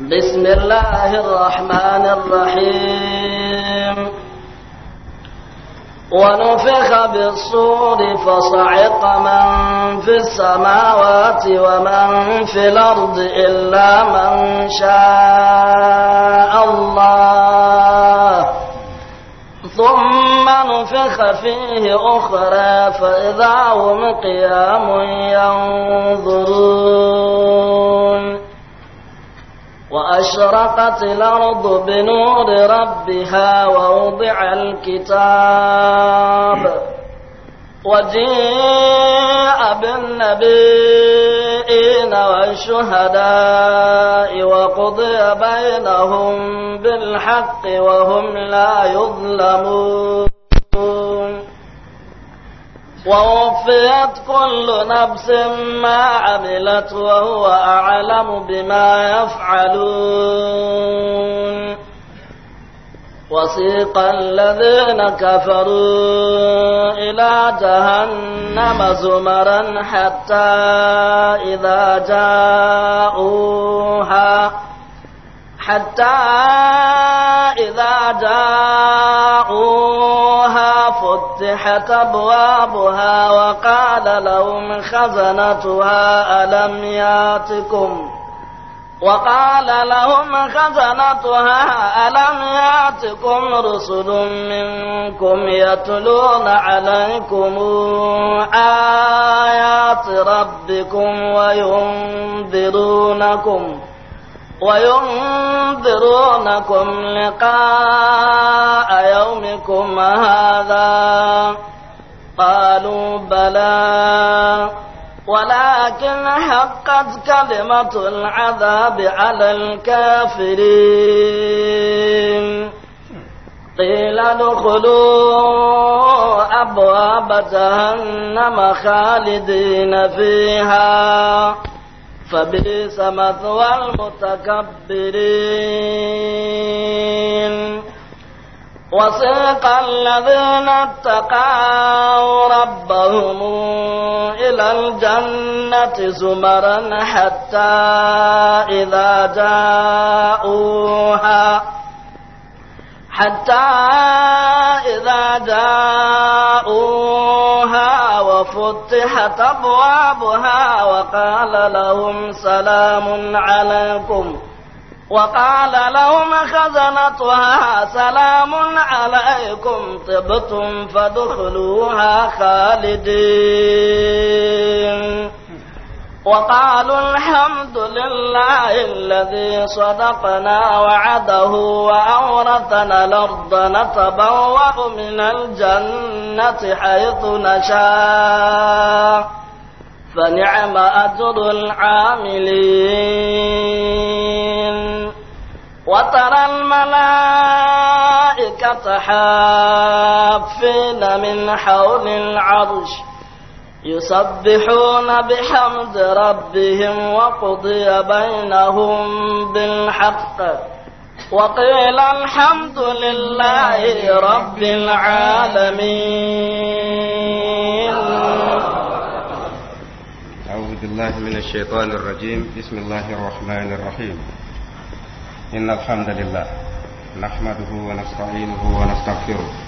بسم الله الرحمن الرحيم ونفخ بالصور فصعق من في السماوات ومن في الأرض إلا من شاء الله ثم نفخ فيه أخرى فإذا هم قيام ينظرون وأشرقت الأرض بنور ربها ووضع الكتاب وجيء بالنبيين والشهداء وقضي بينهم بالحق وهم لا يظلمون ووفيت كل نفس ما عملت وهو أعلم بما يفعلون وسيق الذين كفروا إلى جهنم زمرا حتى إذا جاءوها حتى إذا جاءوها فتحت أبوابها وقال لهم خزنتها ألم ياتكم وقال لهم خزنتها ألم ياتكم رسل منكم يتلون عليكم آيات ربكم وينذرونكم ۖ وينذرونكم لقاء يومكم هذا قالوا بلى ولكن حقت كلمة العذاب على الكافرين قيل ادخلوا أبواب جهنم خالدين فيها فبئس مثوى المتكبرين وسيق الذين اتقوا ربهم إلى الجنة زمرا حتى إذا جاءوها حتى إذا جاءوها وفتحت أبوابها وقال لهم سلام عليكم وقال لهم خزنتها سلام عليكم طبتم فادخلوها خالدين وقالوا الحمد لله الذي صدقنا وعده وأورثنا الأرض نتبوأ من الجنة حيث نشاء فنعم أجر العاملين وترى الملائكة حافين من حول العرش يسبحون بحمد ربهم وقضي بينهم بالحق وقيل الحمد لله رب العالمين أعوذ بالله من الشيطان الرجيم بسم الله الرحمن الرحيم إن الحمد لله نحمده ونستعينه ونستغفره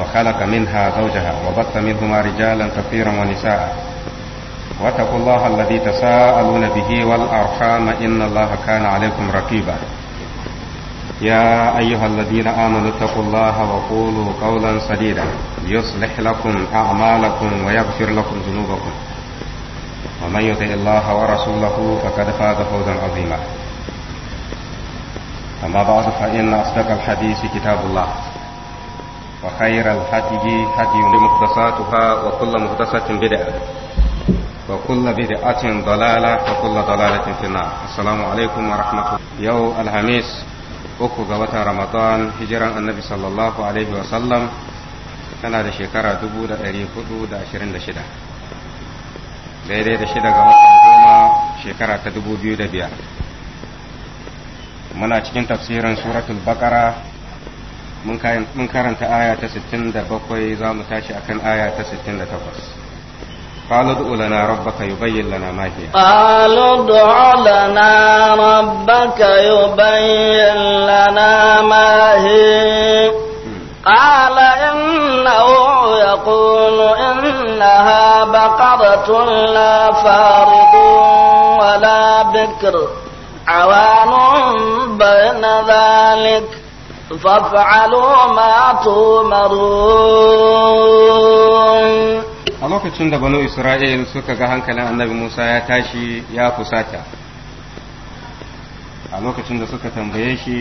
وخلق منها زوجها وبث منهما رجالا كثيرا ونساء واتقوا الله الذي تساءلون به والأرحام إن الله كان عليكم رقيبا يا أيها الذين آمنوا اتقوا الله وقولوا قولا سديدا يصلح لكم أعمالكم ويغفر لكم ذنوبكم ومن يطع الله ورسوله فقد فاز فوزا عظيما أما بعد فإن أصدق الحديث كتاب الله وخير الهدي هدي مقدساتها وكل مقدسة بدعة وكل بدعة ضلالة وكل ضلالة في النار السلام عليكم ورحمة الله يوم الخميس uku ga watan ramadan hijiran annabi sallallahu alaihi wasallam tana da shekara 426 daidai da shida ga watan goma shekara ta 2005 muna cikin tafsirin suratul baqara من karanta آية ta 67 za mu tashi آية aya ta 68 قال ادع لنا ربك يبين لنا ما هي قال ادع لنا ربك يبين لنا ما هي قال إنه يقول إنها بقرة لا فارض ولا بكر عوان بين ذلك فافعلوا ما تؤمرون a lokacin da banu isra'il suka ga hankalin annabi musa ya tashi ya fusata a lokacin da suka tambaye shi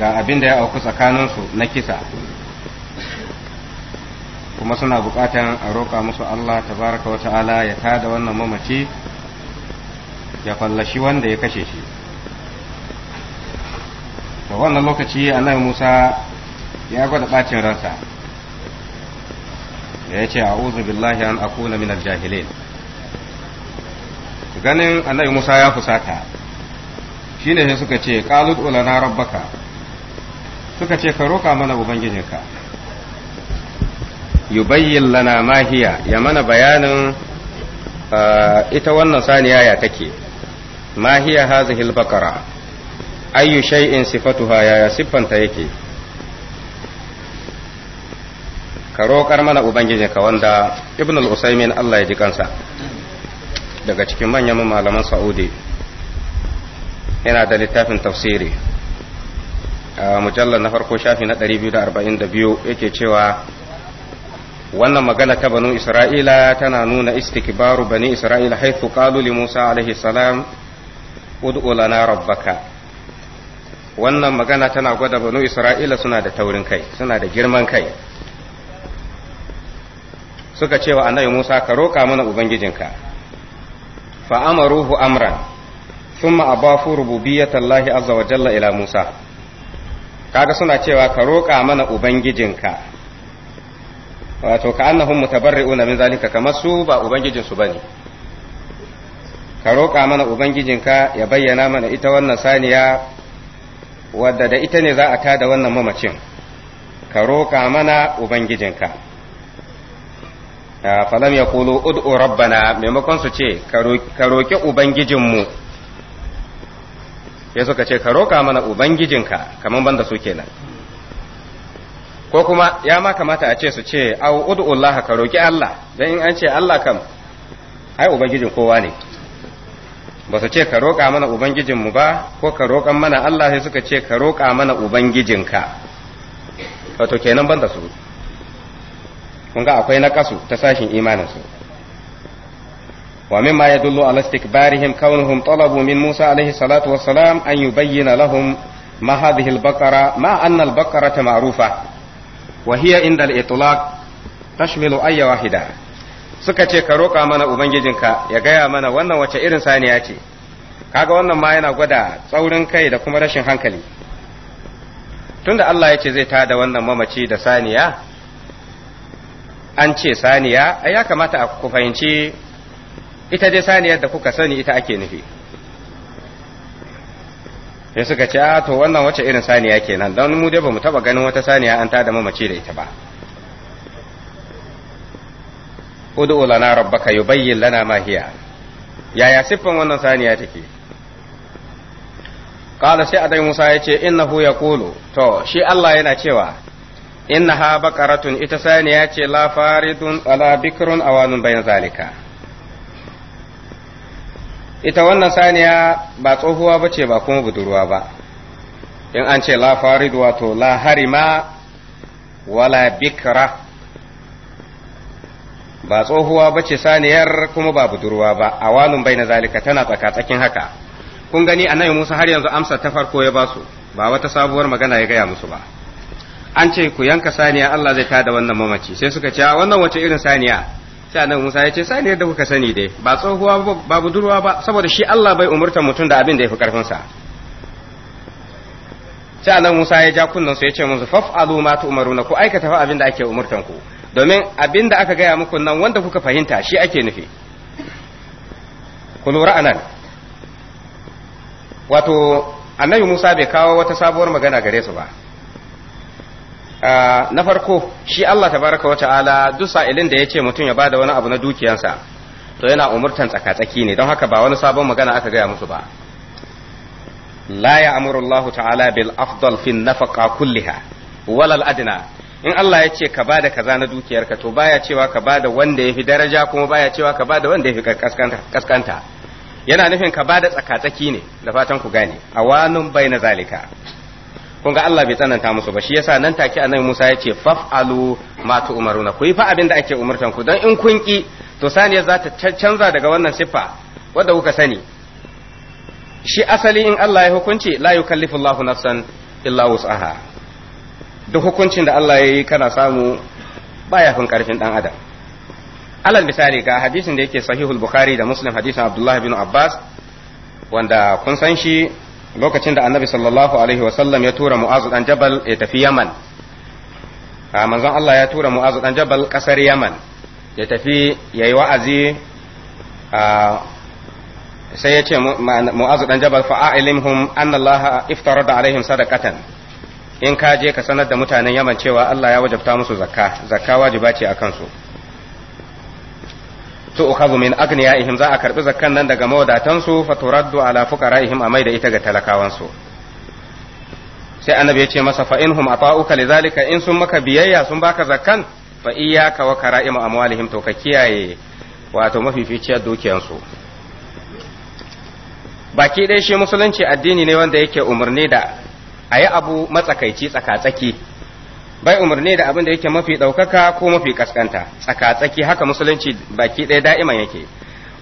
ga abin da ya auku tsakaninsu na kisa kuma suna bukatan a roƙa musu allah wata ala ya tada wannan mamaci ya fallashi wanda ya kashe shi to wannan lokaci annabi Musa ya gwada bacin ransa ya ce a'udhu billahi an akuna min al ganin annabi Musa ya fusata shine sai suka ce qalut ulana rabbaka suka ce ka roka mana ubangijinka yubayyin lana mahiya ya mana bayanin uh, ita wannan saniya ya take ما هي هذه البقرة أي ayyu صفتها يا ya siffanta yake ka roƙar mana ka wanda ibn al-usaymin Allah ya ji kansa daga cikin manyan malaman saudi yana da littafin tafsiri a mujallar na farko shafi na 242 yake cewa wannan magana ta banu isra'ila tana nuna istikbaru bani isra'ila haithu qalu li musa alaihi salam ud'u lana rabbaka wannan magana tana gwada banu isra'ila suna da taurin kai suna da girman kai suka ce wa annabi musa ka roƙa mana ubangijinka fa amaruhu amran thumma abafu rububiyyatallahi azza wa jalla ila musa kaga suna cewa ka roƙa mana ubangijinka wato ka annahum mutabarri'una min zalika kamar su ba ubangijinsu bane ka roƙa mana ubangijinka ya bayyana mana ita wannan saniya wadda da ita ne za a tada wannan mamacin ka roƙa mana ubangijinka ah, falam ya kulu ud'u rabbana maimakon su ce ka roƙi ubangijinmu ya suka ce ka roƙa mana ubangijinka kamar banda su kenan ko kuma ya ma kamata a ce su ce au ud'u Allah ka roƙi Allah don in an ce Allah kam ai ubangijin kowa ne ba su ce ka roƙa mana ubangijinmu ba ko ka roƙan mana Allah sai suka ce ka roƙa mana ubangijinka wato kenan ban su kun ga akwai na kasu ta sashin imaninsu wa mimma dullo ala istikbarihim kaunuhum talabu min Musa alaihi salatu wassalam an yubayyana lahum ma hadhihi al ma anna al-baqarata ma'rufa wa hiya inda al-itlaq tashmilu ayya wahida suka ce ka roƙa mana ubangijinka ya gaya mana wannan wace irin saniya ce kaga wannan ma yana gwada tsaurin kai da kuma rashin hankali tunda Allah ya ce zai tada wannan mamaci da saniya an ce saniya ya kamata ku fahimci ita dai saniyar da kuka sani ita ake nufi sai suka ce a to wannan wace irin saniya kenan don mu dai bamu taba ganin wata saniya an tada mamaci da ita ba ud'u lana rabbaka yubayyin lana ma hiya yaya siffan wannan saniya take qala sai adai musa yace innahu yaqulu to shi Allah yana cewa innaha baqaratun ita saniya ce la faridun ala bikrun awanun bayan zalika ita wannan saniya ba tsohuwa bace ba kuma budurwa ba in an ce la faridu wato la harima wala bikra ba tsohuwa ba ce saniyar kuma ba budurwa ba a walin bai na zalika tana tsakatsakin haka kun gani a nan Musa har yanzu amsa ta farko ya basu ba wata sabuwar magana ya gaya musu ba an ce ku yanka saniya Allah zai tada wannan mamaci sai suka ce wannan wace irin saniya sai annabi Musa ya ce saniyar da kuka sani dai ba tsohuwa ba budurwa ba saboda shi Allah bai umurta mutum da abin da ya karfin sa sai annabi Musa ya ja kunnan su ya ce musu fa'alu ma tu'maruna ku aikata fa abin da ake umurtan ku domin abin da aka gaya muku nan wanda kuka fahimta shi ake nufi ku lura anan wato annabi musa bai kawo wata sabuwar magana gare su ba ah, na farko shi allah tabaraka wa ta'ala duk sa'ilin da ya ce mutum ya bada wani abu na dukiyansa to yana umurtan tsaka-tsaki ne don haka ba wani sabon magana aka gaya musu ba la ya Amurallahu ta'ala bil afdal fin nafaqa kulliha walal adna in Allah ya ce ka ba da kaza na dukiyarka to baya cewa ka ba da wanda ya fi daraja kuma baya cewa ka ba da wanda ya fi kaskanta yana nufin ka ba da tsakatsaki ne da fatan ku gane a bai baina zalika kun ga Allah bai tsananta musu ba shi yasa nan take annabi Musa ya ce faf'alu ma umaruna ku yi fa abin da ake umurtan ku dan in kun ki to saniya za ta canza daga wannan siffa wanda kuka sani shi asali in Allah ya hukunci la yukallifullahu nafsan illa wus'aha duk hukuncin da Allah ya yi kana samu baya fin karfin dan adam alal misali ga hadisin da yake sahihul bukhari da muslim hadisin Abdullahi bin abbas wanda kun san shi lokacin da annabi sallallahu alaihi wasallam ya tura mu'azu dan jabal ya tafi yaman a ah, manzon Allah ya tura mu'azu dan jabal kasar yaman ya tafi ya yi wa'azi ah, sai ya ce mu'azu dan jabal fa'a'ilimhum annallaha iftarada alaihim sadaqatan in ka je ka sanar da mutanen yaman cewa Allah ya wajabta musu zakka zakka wajiba ce a kansu to ukhadhu min aghniyaihim za a karbi zakkan nan daga mawadatansu fa turaddu ala fuqaraihim amai da ita ga talakawansu sai annabi ya ce masa fa inhum ata'uka lidhalika in sun maka biyayya sun baka zakkan fa iyyaka wa kara'im amwalihim to ka kiyaye wato mafificiyar dukiyansu baki ɗaya shi musulunci addini ne wanda yake umarni da a yi abu matsakaici tsaka-tsaki bai umarni da abin da yake mafi ɗaukaka ko mafi kaskanta tsakatsaki haka musulunci baki ɗaya da'iman yake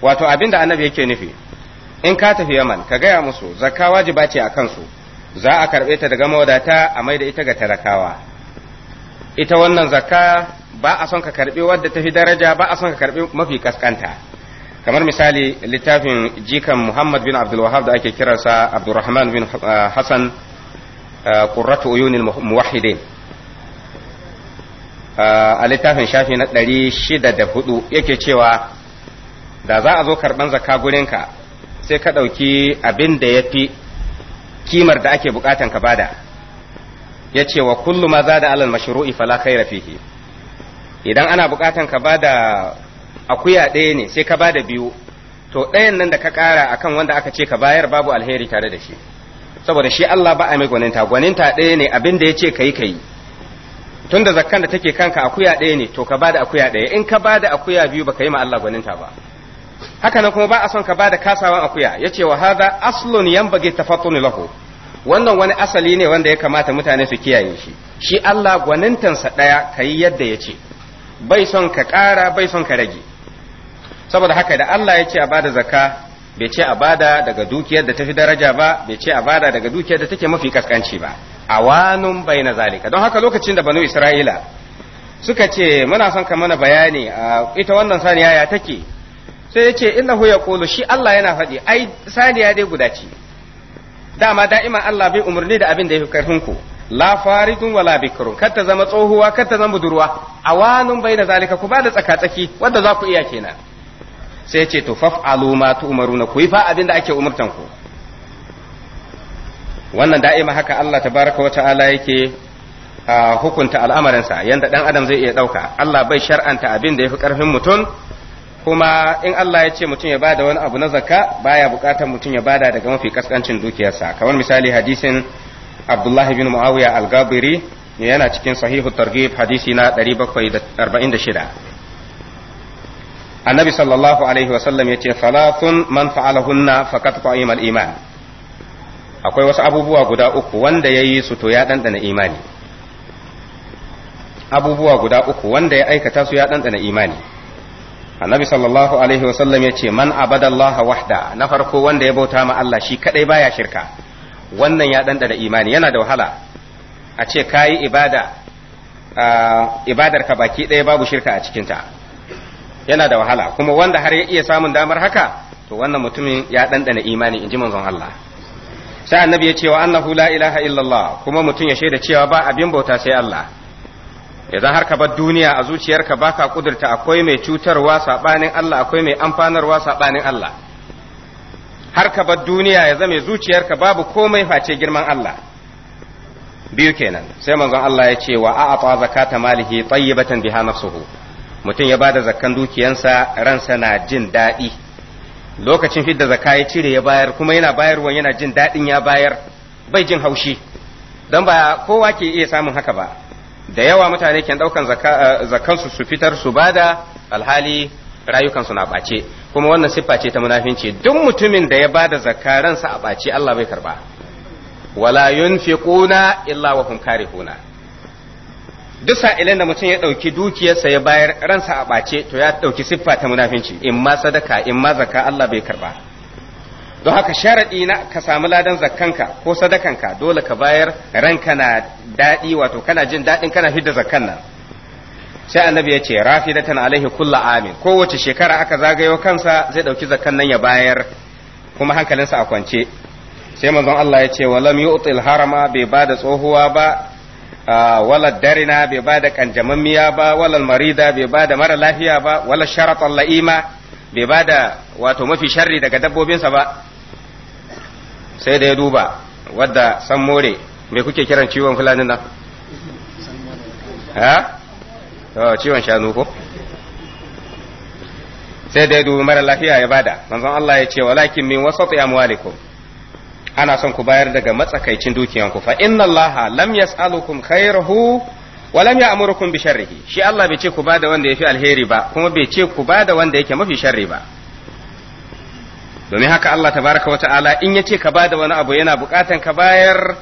wato abin da annabi yake nufi in ka tafi yaman ka gaya musu zakka wajiba ce a kansu za a karɓe ta daga mawadata a mai da ita ga talakawa ita wannan zakka ba a son ka karɓi wadda ta fi daraja ba a son ka karɓi mafi kaskanta kamar misali littafin jikan muhammad bin abdul wahab da ake kiransa abdulrahman bin ah, hassan qurratu uyunil muwahhidin a littafin shafi na 604 yake cewa da za a zo karban zakka gurinka sai ka ɗauki abin da ya fi kimar da ake bukatan ka bada ya ce wa kullu ma za da alal mashru'i fala khaira fihi idan ana bukatan ka bada akuya ɗaya ne sai ka bada biyu to ɗayan nan da ka ƙara akan wanda aka ce ka bayar babu alheri tare da shi saboda shi Allah ba a mai gwaninta gwaninta ɗaya ne abin da ya ce kai kai tun da zakkan da take kanka akuya ɗaya ne to ka bada akuya ɗaya in ka ba da akuya biyu ba ka yi ma Allah gwaninta ba haka nan kuma ba a son ka bada kasawan akuya ya ce wa hadha aslun yanbaghi tafattunu lahu wannan wani asali ne wanda ya kamata mutane su kiyaye shi shi Allah gwanintansa ɗaya ka yi yadda ya ce bai son ka ƙara bai son ka rage saboda haka da Allah ya ce a bada zakka bai ce a bada daga dukiyar da tafi daraja ba bai ce a bada daga dukiyar da take mafi kaskanci ba awanun bayna zalika don haka lokacin da banu isra'ila suka ce muna son ka mana bayani ita wannan saniya ya take sai ya ce innahu yaqulu shi Allah yana faɗi ai saniya dai guda ce dama da'ima Allah bai umarni da abin da fi karfin ku la faridun wala bikrun kar zama tsohuwa kar zama budurwa awanun bayna zalika ku bada tsaka-tsaki wanda za ku iya kenan sai ce to faf'alu ma na ku yi fa abin da ake umurtan ku wannan da'ima haka Allah tabaraka wa ta'ala yake hukunta al'amarinsa yanda dan adam zai iya dauka Allah bai shar'anta abin da yafi karfin mutum kuma in Allah ya ce mutum ya bada wani abu na zakka baya bukatar mutum ya bada daga mafi kaskancin dukiyarsa kamar misali hadisin Abdullahi bin Muawiya al-Gabiri yana cikin sahihu targhib hadisi na 746 annabi sallallahu alaihi wasallam ce salatun man fa'alahunna faqad qa'ima al-iman akwai wasu abubuwa guda uku wanda yayi su to ya dandana imani abubuwa guda uku wanda ya aikata su ya dandana imani annabi sallallahu alaihi wasallam ce man abada abadallaha wahda na farko wanda ya bauta ma Allah shi kadai baya shirka wannan ya dandana imani yana da wahala a ce kayi ibada ibadar ka baki ɗaya babu shirka a cikinta yana da wahala kuma wanda har ya iya samun damar haka to wannan mutumin ya ɗanɗana imani in ji manzon Allah sai annabi ya cewa annahu la ilaha illallah kuma mutum ya shaida cewa ba abin bauta sai Allah idan har ka bar duniya a zuciyarka baka kudurta akwai mai cutarwa sabanin Allah akwai mai amfanarwa sabanin Allah har ka bar duniya ya zame zuciyarka babu komai face girman Allah biyu kenan sai manzon Allah ya ce wa a'ata zakata malihi tayyibatan biha nafsuhu mutum ya ba da zakkan dukiyansa ransa na jin daɗi lokacin fidda Zaka ya cire ya bayar kuma yana bayarwa yana jin daɗin ya bayar bai jin haushi don ba kowa ke iya samun haka ba da yawa mutane ke ɗaukan zakansu eh, su fitar su ba da alhali rayukansu na ɓace kuma wannan siffa ce ta munafinci duk mutumin da ya ba da zakka ransa a ɓace Allah bai karba wala yunfiquna illa wa hum karihuna duk sa'ilin da mutum ya ɗauki dukiyarsa ya bayar ransa a ɓace to ya ɗauki siffa ta munafinci in ma sadaka in ma zakka Allah bai karba don haka sharaɗi na ka samu ladan zakkanka ko sadakanka dole ka bayar ranka na daɗi wato kana jin daɗin kana fidda zakkan nan sai annabi ya ce rafidatan alaihi kulla amin kowace shekara aka zagayo kansa zai ɗauki zakkan nan ya bayar kuma hankalinsa a kwance sai manzon Allah ya ce wa lam yu'til harama bai bada tsohuwa ba Ah, wala darina bai ba da kanjamammiya ba wala marida bai ba da mara lafiya ba wala sharatan la'ima bai ba da wato mafi sharri daga dabbobinsa ba sai da ya duba wadda san more me kuke kiran ciwon fulani nan ha ciwon shanu ko sai da ya duba mara lafiya ya bada manzon Allah ya ce walakin min wasati amwalikum ana son ku bayar daga matsakaicin dukiyanku fa inna allaha lam yas'alukum khairahu wa lam ya'murukum bi sharrihi shi Allah bai ce ku bada wanda yafi alheri ba kuma bai ce ku bada wanda yake mafi sharri ba domin haka Allah tabaraka wa ta'ala in yace ka bada wani abu yana bukatan ka bayar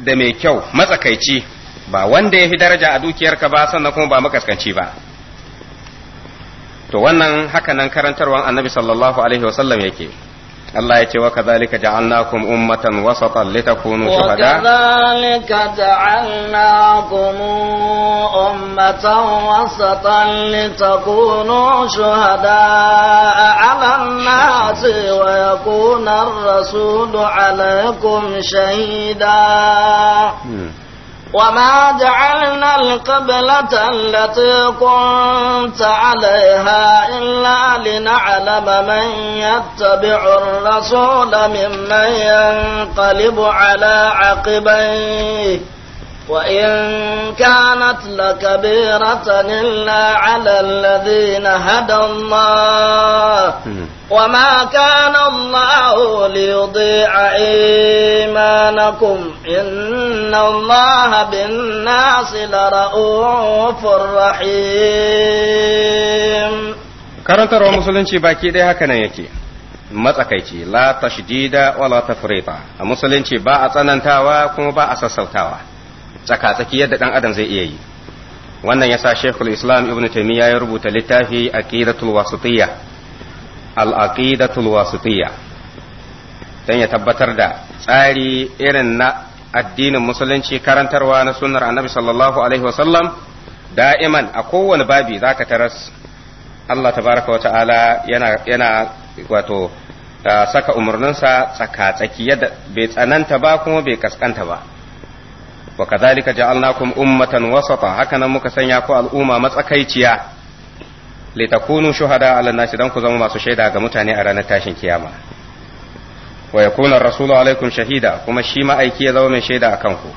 da mai kyau matsakaici ba wanda yafi daraja a dukiyarka ba sannan kuma ba makaskanci ba to wannan haka nan karantarwan annabi sallallahu alaihi wasallam yake الله يتوى كذلك جعلناكم أمة وسطا لتكونوا شهداء وكذلك جعلناكم أمة وسطا لتكونوا شهداء على الناس ويكون الرسول عليكم شهيدا وما جعلنا القبلة التي كنت عليها إلا لنعلم من يتبع الرسول ممن ينقلب على عقبيه وإن كانت لكبيرة إلا على الذين هدى الله hmm. وما كان الله ليضيع إيمانكم إن الله بالناس لرؤوف رحيم karantarwa musulunci baki ɗaya haka nan yake matsakaici la tashdida wala tafrita a musulunci ba a tsanantawa kuma ba a sassautawa tsakatsaki yadda ɗan adam zai iya yi wannan yasa shekul islam ibn taimiyya ya rubuta littafi aqidatul wasitiyya al-aqidatul wasitiyya dan ya tabbatar da tsari irin na addinin musulunci karantarwa na sunnar annabi sallallahu alaihi wasallam da'iman a kowane babi zaka taras Allah tabaraka wa ta'ala yana yana wato uh, saka umarninsa tsaka-tsaki yadda bai tsananta ba kuma bai kaskanta ba wa kadhalika ja'alnakum ummatan wasata hakanan muka sanya ku al'umma matsakaiciya litakunu shuhada 'ala nasi dan ku zama masu shaida ga mutane a ranar tashin kiyama wa yakuna rasulu shahida kuma shi ma'aiki ya zama mai shaida akan ku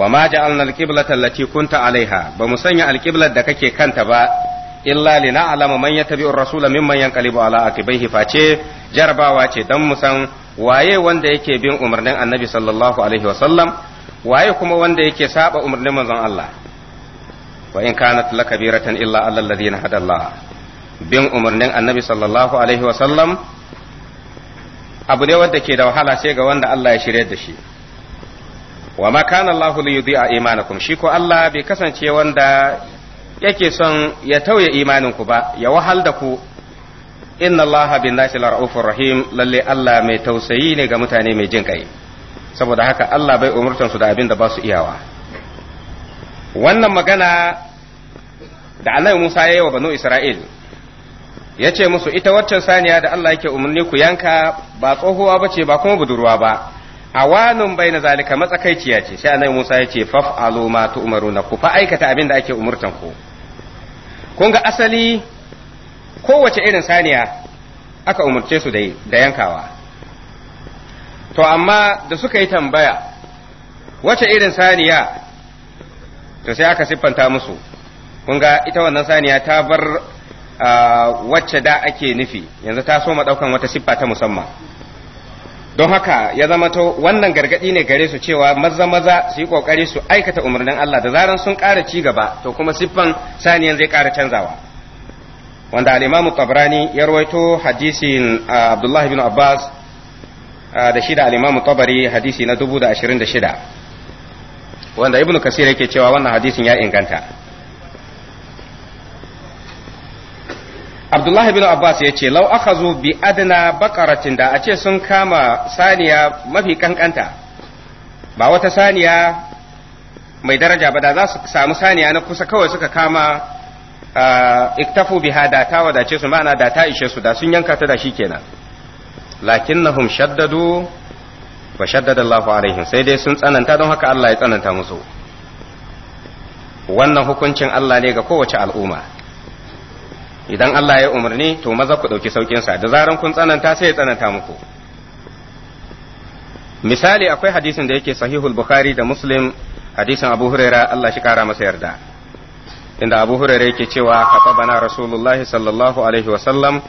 wa ma ja'alna al-qiblata allati 'alaiha ba mu sanya al da kake kanta ba illa li na'lama man yattabi'u ar-rasula mimman yanqalibu ala aqibaihi face jarabawa ce dan mu san waye wanda yake bin umarnin annabi sallallahu alaihi wasallam waye kuma wanda yake saba umarnin manzon Allah wa in kanat lakabiratan illa alal ladina hadallah bin umarnin annabi sallallahu alaihi wa sallam abu ne wanda ke da wahala sai ga wanda Allah ya shirye da shi wa ma kana Allahu li yudhi'a imanakum shi ko Allah bai kasance wanda yake son ya tauye imaninku ba ya wahal da ku inna Allah bin nasi la rahim lalle Allah mai tausayi ne ga mutane mai jin kai saboda haka Allah bai umurtan su da abin da ba su iyawa wannan magana da Annabi Musa ya yi wa banu Isra'il ya ce musu ita waccan saniya da Allah yake umarni ku yanka ba tsohuwa ba ce ba kuma budurwa ba A wanin bai na zalika matsakaiciya ce sai Annabi Musa ya ce faf'alu ma tu'maruna ku fa aikata abin da ake umurtan ku kun ga asali kowace irin saniya aka umarce su da yankawa to amma da suka yi tambaya wace irin saniya to sai aka siffanta musu kun ga ita wannan saniya ta bar wacce da ake nufi yanzu ta so ɗaukan wata siffa ta musamman don haka ya zama to wannan gargaɗi ne gare su cewa maza maza su yi ƙoƙari su aikata umarnin Allah da zaran sun ƙara ci gaba to kuma siffan saniyan zai ƙara canzawa wanda al-imamu tabrani ya rawaito hadisin abdullahi bin abbas da shida al-Imam Tabari hadisi na shida wanda Ibn Kasir yake cewa wannan hadisin ya inganta Abdullahi bin Abbas ya ce lau aka zo bi adana bakaratin da a ce sun kama saniya mafi kankanta ba wata saniya mai daraja ba da za su samu saniya na kusa kawai suka kama iktafu biha da ta wadace su ma'ana da ta ishe su da sun yanka ta da shi kenan lakinnahum shaddadu wa shaddada Allahu alaihim sai dai sun tsananta don haka Allah ya tsananta musu wannan hukuncin Allah ne ga kowace al'umma idan Allah ya umarni to maza ku ɗauki sa da zaran kun tsananta sai ya tsananta muku misali akwai hadisin da yake sahihul bukhari da muslim hadisin abu huraira Allah shi kara masa yarda inda abu huraira yake cewa bana rasulullahi sallallahu alaihi wasallam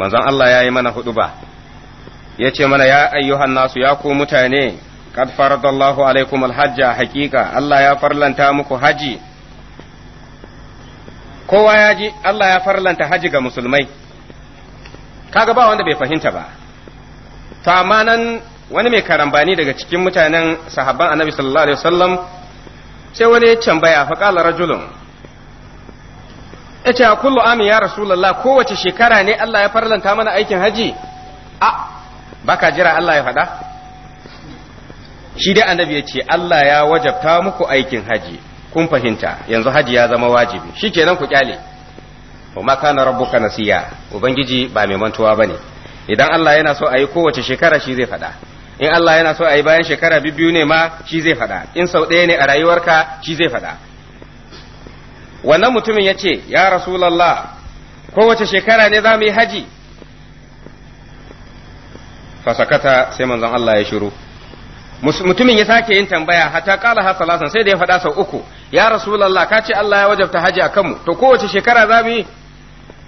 manzon Allah ya yi mana huduba ba ya ce mana ya ayyuhan nasu ya ku mutane qad faradallahu alaikum alhajja haqiqa Allah ya farlanta muku haji kowa ya ji Allah ya farlanta haji ga musulmai kaga ba wanda bai fahimta ba to amma nan wani mai karambani daga cikin mutanen sahabban annabi sallallahu alaihi wasallam sai wani ya tambaya fa qala rajulun yace kullu amin ya rasulullah kowace shekara ne Allah ya farlanta mana aikin haji a baka jira Allah ya faɗa shi dai annabi ya ce Allah ya wajabta muku aikin haji kun fahimta yanzu haji ya zama wajibi shi shikenan ku kyale wa ma kana rabbuka nasiya ubangiji ba mai mantuwa bane idan Allah yana so a yi kowace shekara shi zai faɗa in Allah yana so a yi bayan shekara biyu ne ma shi zai faɗa in sau ɗaya ne a rayuwarka shi zai faɗa wannan mutumin ya ce ya rasulallah kowace shekara ne za mu yi haji fasakata sai manzon Allah ya shiru mutumin ya sake yin tambaya hatta kala har salasan sai da ya faɗa sau uku ya rasulullah ka ce Allah ya wajabta haji akan mu to kowace shekara za mu yi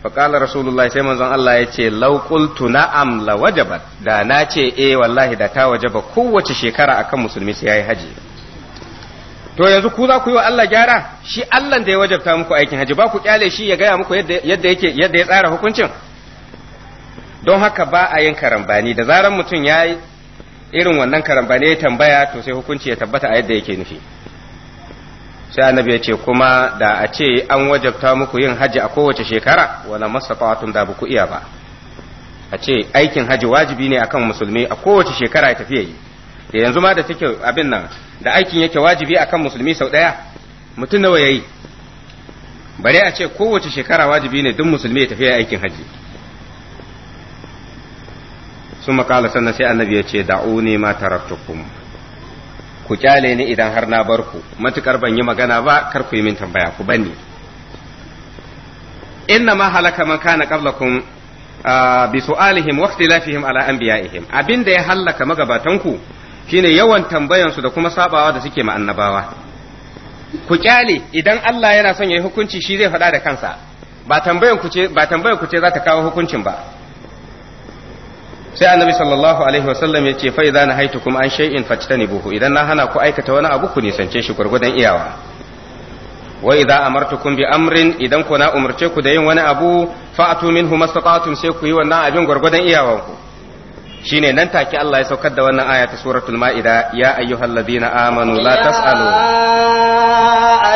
fa kala rasulullah sai manzon Allah ya ce law qultu na'am la wajabat da na ce eh wallahi da ta wajaba kowace shekara akan musulmi sai yayi haji to yanzu ku za ku yi wa Allah gyara shi Allah da ya wajabta muku aikin haji ba ku kyale shi ya gaya muku yadda yake yadda ya tsara hukuncin don haka ba a yin karambani da zaran mutum ya yi irin wannan karambani ya tambaya to sai hukunci ya tabbata a yadda yake nufi sai annabi ya ce kuma da a ce an wajabta muku yin haji a kowace shekara wala tun da ku iya ba a ce aikin haji wajibi ne akan musulmi a kowace shekara ya tafi yi da yanzu ma da take abin nan da aikin yake wajibi akan musulmi sau daya mutum nawa yayi bare a ce kowace shekara wajibi ne duk musulmi ya tafi aikin haji sun makala sanna sai annabi ya ce da'uni ma taraktukum ku kyale ni idan har na bar ku matukar ban yi magana ba kar ku yi min tambaya ku bani inna ma halaka man kana qablakum bi su'alihim wa ikhtilafihim ala anbiya'ihim abinda ya halaka magabatan ku shine yawan tambayan su da kuma sabawa da suke ma annabawa ku kyale idan Allah yana son ya yi hukunci shi zai faɗa da kansa ba tambayan ku ce ba tambayan ku ce za ta kawo hukuncin ba sai annabi sallallahu alaihi wasallam ya ce fa idza nahaitukum an shay'in fajtanibuhu idan na hana ku aikata wani abu ku nisance shi gurgudan iyawa wa idza amartukum bi amrin idan ku na umarce ku da yin wani abu fa'atu minhu mastata'tum sai ku yi wannan abin gurgudan iyawan ku shine nan take Allah ya saukar da wannan aya ta suratul maida ya ayyuhalladhina amanu la tas'alu ya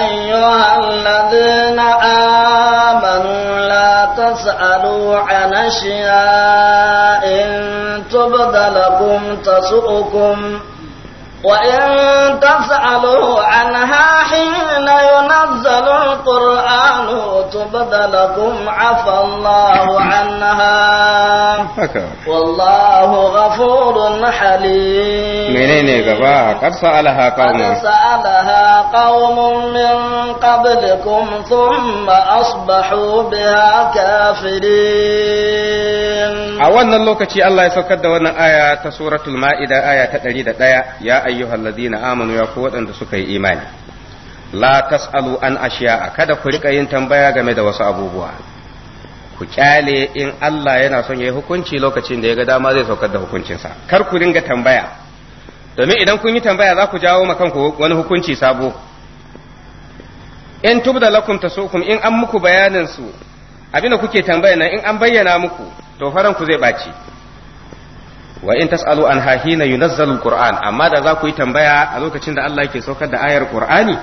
ayyuhalladhina amanu la tas'alu an تبد لكم تسؤكم وإن تسألوا عنها حين ينزل القرآن تبد لكم عفى الله عنها والله غفور حليم منين غبا قد سألها قوم قد سألها قوم من قبلكم ثم أصبحوا بها كافرين أولا لوكتي الله يسوكد وانا آية سورة المائدة آية تدريد يا أيها ayyuhal ladina amanu ya ku waɗanda suka yi imani la tasalu an ashiya kada ku rika yin tambaya game da wasu abubuwa ku kyale in Allah yana son ya yi hukunci lokacin da ya ga dama zai saukar da hukuncinsa kar ku ringa tambaya domin idan kun yi tambaya za ku jawo kanku wani hukunci sabo in tubda lakum tasukum in an muku bayanin su abinda kuke tambaya na in an bayyana muku to faran ku zai baci wa in tas'alu an hahina yunazzalu alquran amma da za ku yi tambaya a lokacin da Allah yake saukar da ayar qur'ani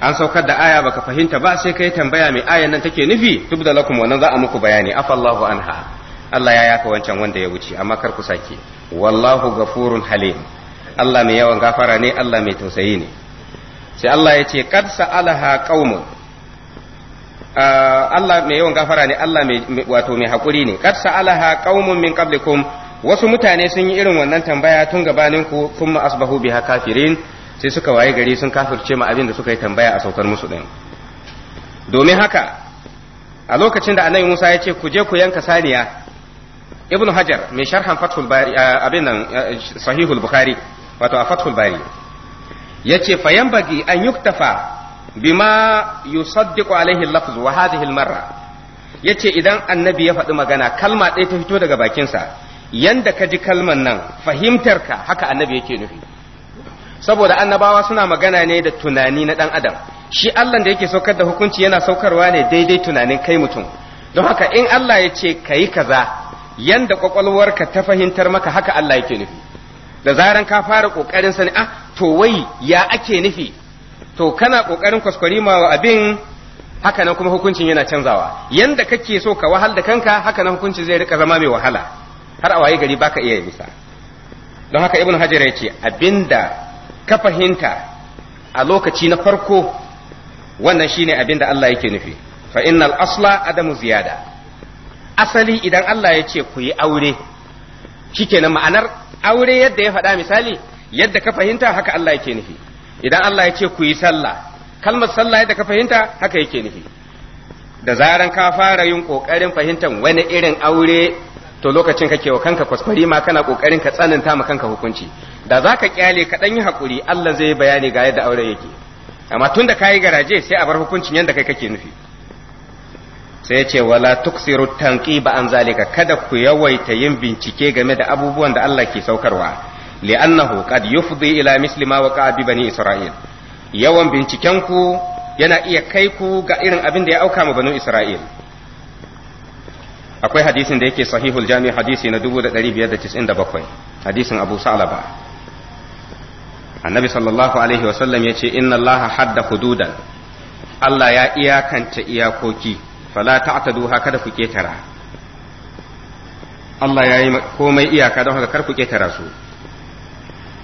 an saukar da aya baka fahimta ba sai kai tambaya mai ayan nan take nufi tubda lakum wannan za a muku bayani afallahu anha Allah ya yaka wancan wanda ya wuce amma kar ku sake wallahu ghafurun halim Allah mai yawan gafara ne Allah mai tausayi ne sai Allah ya ce kad sa'alaha qaumun ah, Allah mai yawan gafara ne Allah mai wato mai hakuri ne kad sa'alaha qaumun min qablikum wasu mutane sun yi irin wannan tambaya tun gabanin ku kun asbahu biha kafirin sai suka waye gari sun kafirce ma abin da suka yi tambaya a saukar musu din domin haka a lokacin da annabi Musa ya ce ku je ku yanka saniya ibnu hajar mai sharhan fathul bari abin nan sahihul bukhari wato a fathul bari yace fayanbagi an yuktafa bima yusaddiqu alaihi lafz wa hadhihi al-marra yace idan annabi ya faɗi magana kalma ɗaya ta fito daga bakinsa yanda ka ji kalman nan fahimtarka haka annabi yake nufi saboda annabawa suna magana ne da tunani na dan adam shi Allah da yake saukar da hukunci yana saukarwa ne daidai tunanin kai mutum don haka in Allah ya ce kayi kaza yanda kwakwalwarka ta fahimtar maka haka Allah yake nufi da zaran ka fara kokarin sani ah to wai ya ake nufi to kana kokarin kwaskwarima abin haka nan kuma hukuncin yana canzawa yanda kake so ka wahal da kanka haka nan hukuncin zai rika zama mai wahala har a waye gari baka iya musa don haka ibn hajar ya ce abinda ka fahimta a lokaci na farko wannan shine abinda Allah yake nufi fa innal asla adamu ziyada asali idan Allah ya ce ku yi aure shikenan ma'anar aure yadda ya faɗa misali yadda ka fahimta haka Allah yake nufi idan Allah ya ce ku yi sallah kalmar sallah yadda ka fahimta haka yake nufi da zaran ka fara yin kokarin fahimtar wani irin aure to lokacin kake wa kanka kwaskwari ma kana kokarin ka tsananta ma kanka hukunci da zaka kyale ka dan yi hakuri Allah zai bayani ga yadda aure yake amma tun ka kayi garaje sai a bar hukuncin yadda kai kake nufi sai ce wala tuksiru tanqiba an zalika kada ku yawaita yin bincike game da abubuwan da Allah ke saukarwa li'annahu qad yufdi ila mislima wa qabi bani isra'il yawan binciken ku yana iya kai ku ga irin abin da ya auka ma banu isra'il akwai hadisin da yake sahihul jami hadisi na 1597 hadisin abu salaba annabi sallallahu alaihi wasallam ya ce inna allaha hadda hududan allah ya iyakanta iyakoki fala ta'tadu haka da ku ketara allah ya yi komai iyaka don haka kar ku ketara su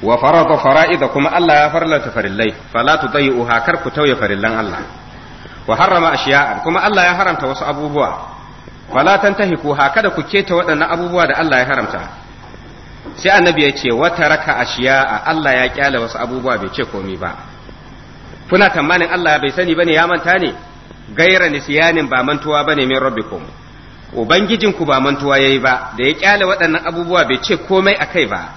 wa farada fara'ida kuma allah ya farlanta farillai fala tudayyuha kar ku tauye farillan allah wa harrama ashiya'a kuma allah ya haramta wasu abubuwa wala tantahiku ha kada ku keta waɗannan abubuwa da Allah ya haramta sai annabi ya ce wata raka a Allah ya kyale wasu abubuwa bai ce komai ba kuna tambanin Allah bai sani bane ya manta ne gaira nisyanin ba mantuwa bane min rabbikum ku ba mantuwa yayi ba da ya kyale waɗannan abubuwa bai ce komai akai ba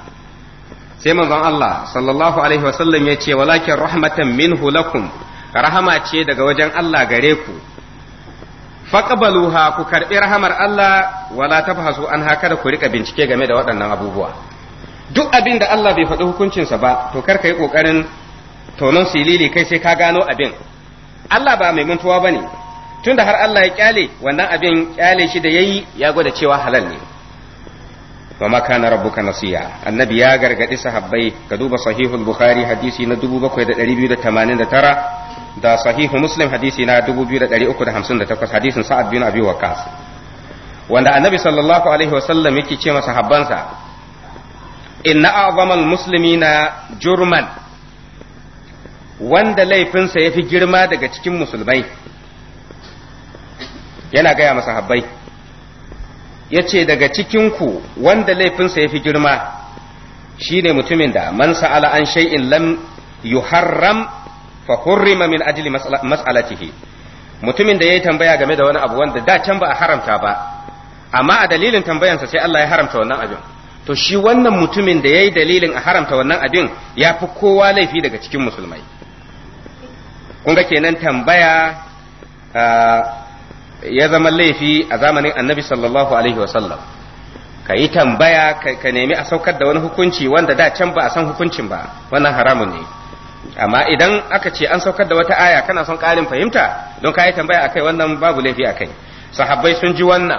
sai manzon Allah sallallahu alaihi wasallam ya ce walakin rahmatan minhu lakum rahama ce daga wajen Allah gare ku faqbaluha ku karbi rahamar Allah wala tafhasu an haka da ku rika bincike game da waɗannan abubuwa duk abin da Allah bai faɗi hukuncinsa ba to kar ka yi ƙoƙarin tonon silili kai sai ka gano abin Allah ba mai mantuwa ba ne tunda har Allah ya kyale wannan abin kyale shi da yayi ya gwada cewa halal ne wa ma kana rabbuka nasiya annabi ya gargadi sahabbai ka duba sahihul bukhari hadisi na 7289 da sahihu muslim hadisi na 2358 hadisin sa'ad bin abi waqas wanda annabi sallallahu alaihi wasallam yake ce masa habbansa inna a'zamal muslimina jurman wanda laifinsa yafi girma daga cikin musulmai yana gaya masa habbai yace daga cikinku wanda laifinsa yafi girma shine mutumin da man sa'ala an shay'in lam yuharram fa hurrima min ajli mas'alatihi mutumin da yayi tambaya game da wani abu wanda da can ba a haramta ba amma a dalilin tambayansa sai Allah ya haramta wannan abin to shi wannan mutumin da yayi dalilin a haramta wannan abin ya fi kowa laifi daga cikin musulmai kun ga kenan tambaya ya zama laifi a zamanin annabi sallallahu alaihi wasallam ka yi tambaya ka nemi a saukar da wani hukunci wanda da can ba a san hukuncin ba wannan haramun ne amma idan aka ce an saukar da wata aya kana son karin fahimta don ka yi tambaya akai wannan babu laifi akai sahabbai sun ji wannan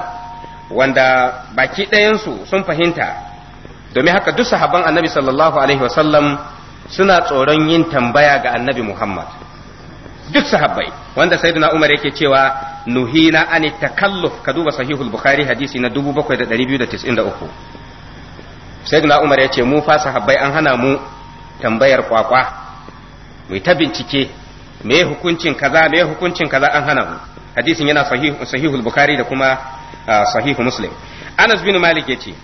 wanda baki ɗayansu sun fahimta domin haka duk sahabban annabi sallallahu alaihi wasallam suna tsoron yin tambaya ga annabi muhammad duk sahabbai wanda sayyidina umar yake cewa nuhina an takalluf ka duba sahihul bukhari hadisi na 7293 sayyidina umar ya ce mu fa sahabbai an hana mu tambayar kwakwa mu ta bincike me hukuncin kaza me hukuncin kaza an hana mu hadisin yana sahihu sahihul bukhari da kuma ah, sahihu muslim anas bin malik yace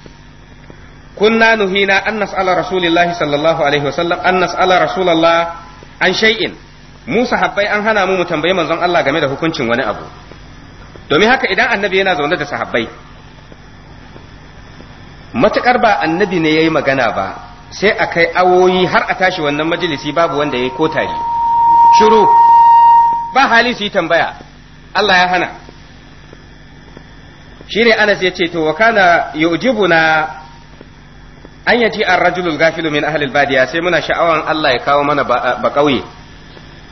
kunna nuhina an nas'ala rasulillahi sallallahu alaihi wasallam an nas'ala rasulullah an shay'in mu sahabbai an hana mu mu tambayi manzon Allah game da hukuncin wani abu domin haka idan annabi yana zaune da sahabbai matukar ba annabi ne yayi magana ba sai a kai awoyi har a tashi wannan majalisi babu wanda ya yi ko tari shiru ba hali su yi tambaya Allah ya hana Shi ne Anas ya ce to wa kana na an yaji an rajulul gafilu min ahalil badiya sai muna sha'awan Allah ya kawo mana ba kauye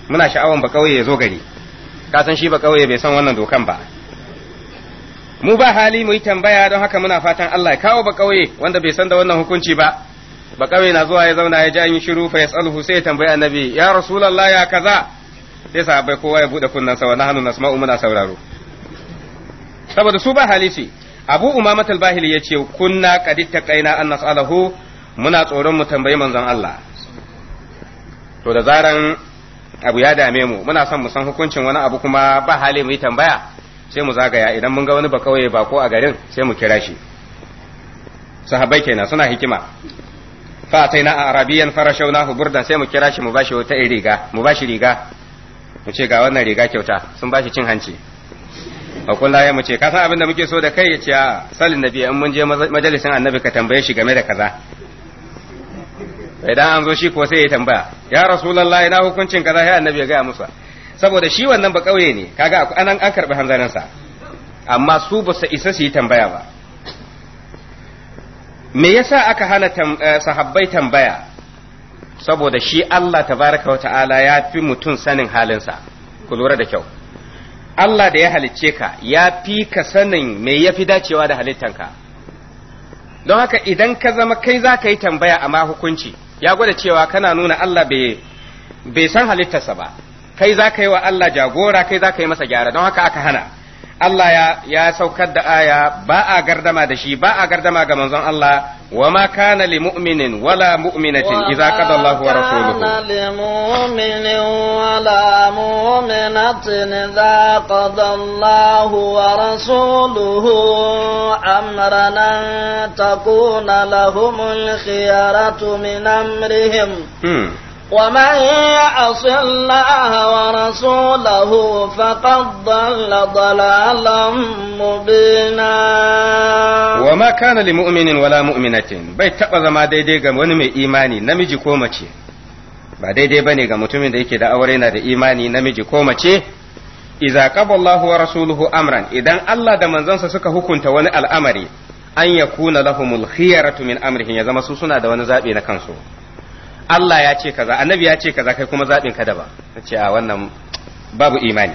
muna sha'awan ba kauye ya zo gari kasan shi ba kauye bai san wannan dokan ba mu ba hali mu yi tambaya don haka muna fatan Allah ya kawo ba kauye wanda bai san da wannan hukunci ba Bakawai na zuwa ya zauna ya ji an yi shiru fa yas'aluhu sai ya tambayi annabi ya rasulullah ya kaza sai sahabbai kowa ya bude kunnan sa wa nahnu asma'u muna sauraro saboda su ba halisi abu umamat al yace kunna qad taqaina an nas'alahu muna tsoron mu tambayi manzon Allah to da zaran abu ya dame mu muna son mu san hukuncin wani abu kuma ba hali mu yi tambaya sai mu zagaya idan mun ga wani ba kauye ba ko a garin sai mu kira shi sahabbai kenan suna hikima fa ataina a arabiyan farashawnahu burdan sai mu kira shi mu bashi riga mu bashi mu ce ga wannan riga kyauta sun bashi cin hanci a kulla ya mu ce ka san abin da muke so da kai ya ce salin nabi in mun je majalisin annabi ka tambaye shi game da kaza idan an zo shi ko sai ya tambaya ya rasulullahi na hukuncin kaza ya annabi ya gaya musa saboda shi wannan ba kauye ne kaga anan an karbi hanzarinsa amma su ba su isa su yi tambaya ba me yasa aka hana eh, sahabbai tambaya saboda shi Allah tabaraka wa ta'ala ya fi mutum sanin halinsa ku lura da kyau Allah da ya halicce ka ya fi ka sanin me ya fi dacewa da halittanka don haka idan ka zama kai za ka yi tambaya amma hukunci ya gwada cewa kana nuna Allah bai san halittarsa ba kai za ka yi wa Allah jagora kai za ka yi masa gyara don haka aka hana Allah ya ya saukar da aya ba a gardama da shi ba a gardama ga manzon Allah wa ma kana lil mu'minin wala mu'minatin idza qada Allah wa rasuluhu wa ma lil mu'minin wala mu'minatin idza qada Allah wa rasuluhu amran takuna lahumul khiyaratu min amrihim hmm. ومن يعص الله ورسوله فقد ضل ضلالا مبينا وما كان لمؤمن ولا مؤمنة bai taɓa zama daidai ga wani mai imani namiji ko mace ba daidai bane ga mutumin da yake da aure na da imani namiji ko mace idza qaballahu wa rasuluhu amran idan Allah da manzansa suka hukunta wani al'amari an yakuna lahumul khiyaratu min amrihim ya zama su suna da wani zabe na kansu Allah ya ce kaza annabi ya ce kaza kai kuma zaɓin ka da ba ce a wannan babu imani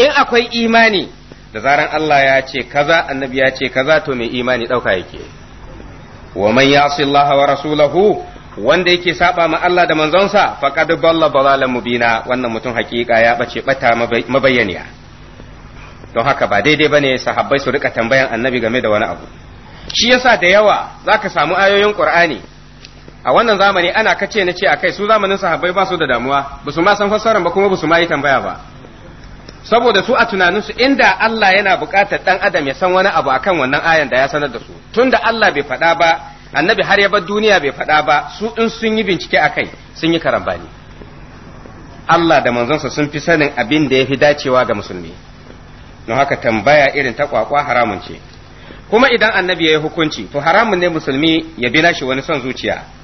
in akwai imani da zaran Allah ya ce kaza annabi ya ce kaza to mai imani ɗauka yake wa man yasi Allah wa rasulahu wanda yake saba ma Allah da manzonsa faqad balla balalan mubina wannan mutum hakika ya bace bata mabayyaniya don haka ba daidai bane sahabbai su rika tambayan annabi game da wani abu shi yasa da yawa zaka samu ayoyin qur'ani a wannan zamani ana kace na ce a kai su zamanin sahabbai ba su da damuwa ba su ma san fassaran ba kuma ba su ma yi tambaya ba saboda su a tunaninsu inda Allah yana buƙatar dan adam ya san wani abu akan wannan ayan da ya sanar da su tunda Allah bai faɗa ba annabi har ya bar duniya bai faɗa ba su in sun yi bincike akai sun yi karambani Allah da manzonsa sun fi sanin abin da ya fi dacewa ga musulmi don haka tambaya irin ta kwakwa haramun ce kuma idan annabi ya yi hukunci to haramun ne musulmi ya bi nashi wani son zuciya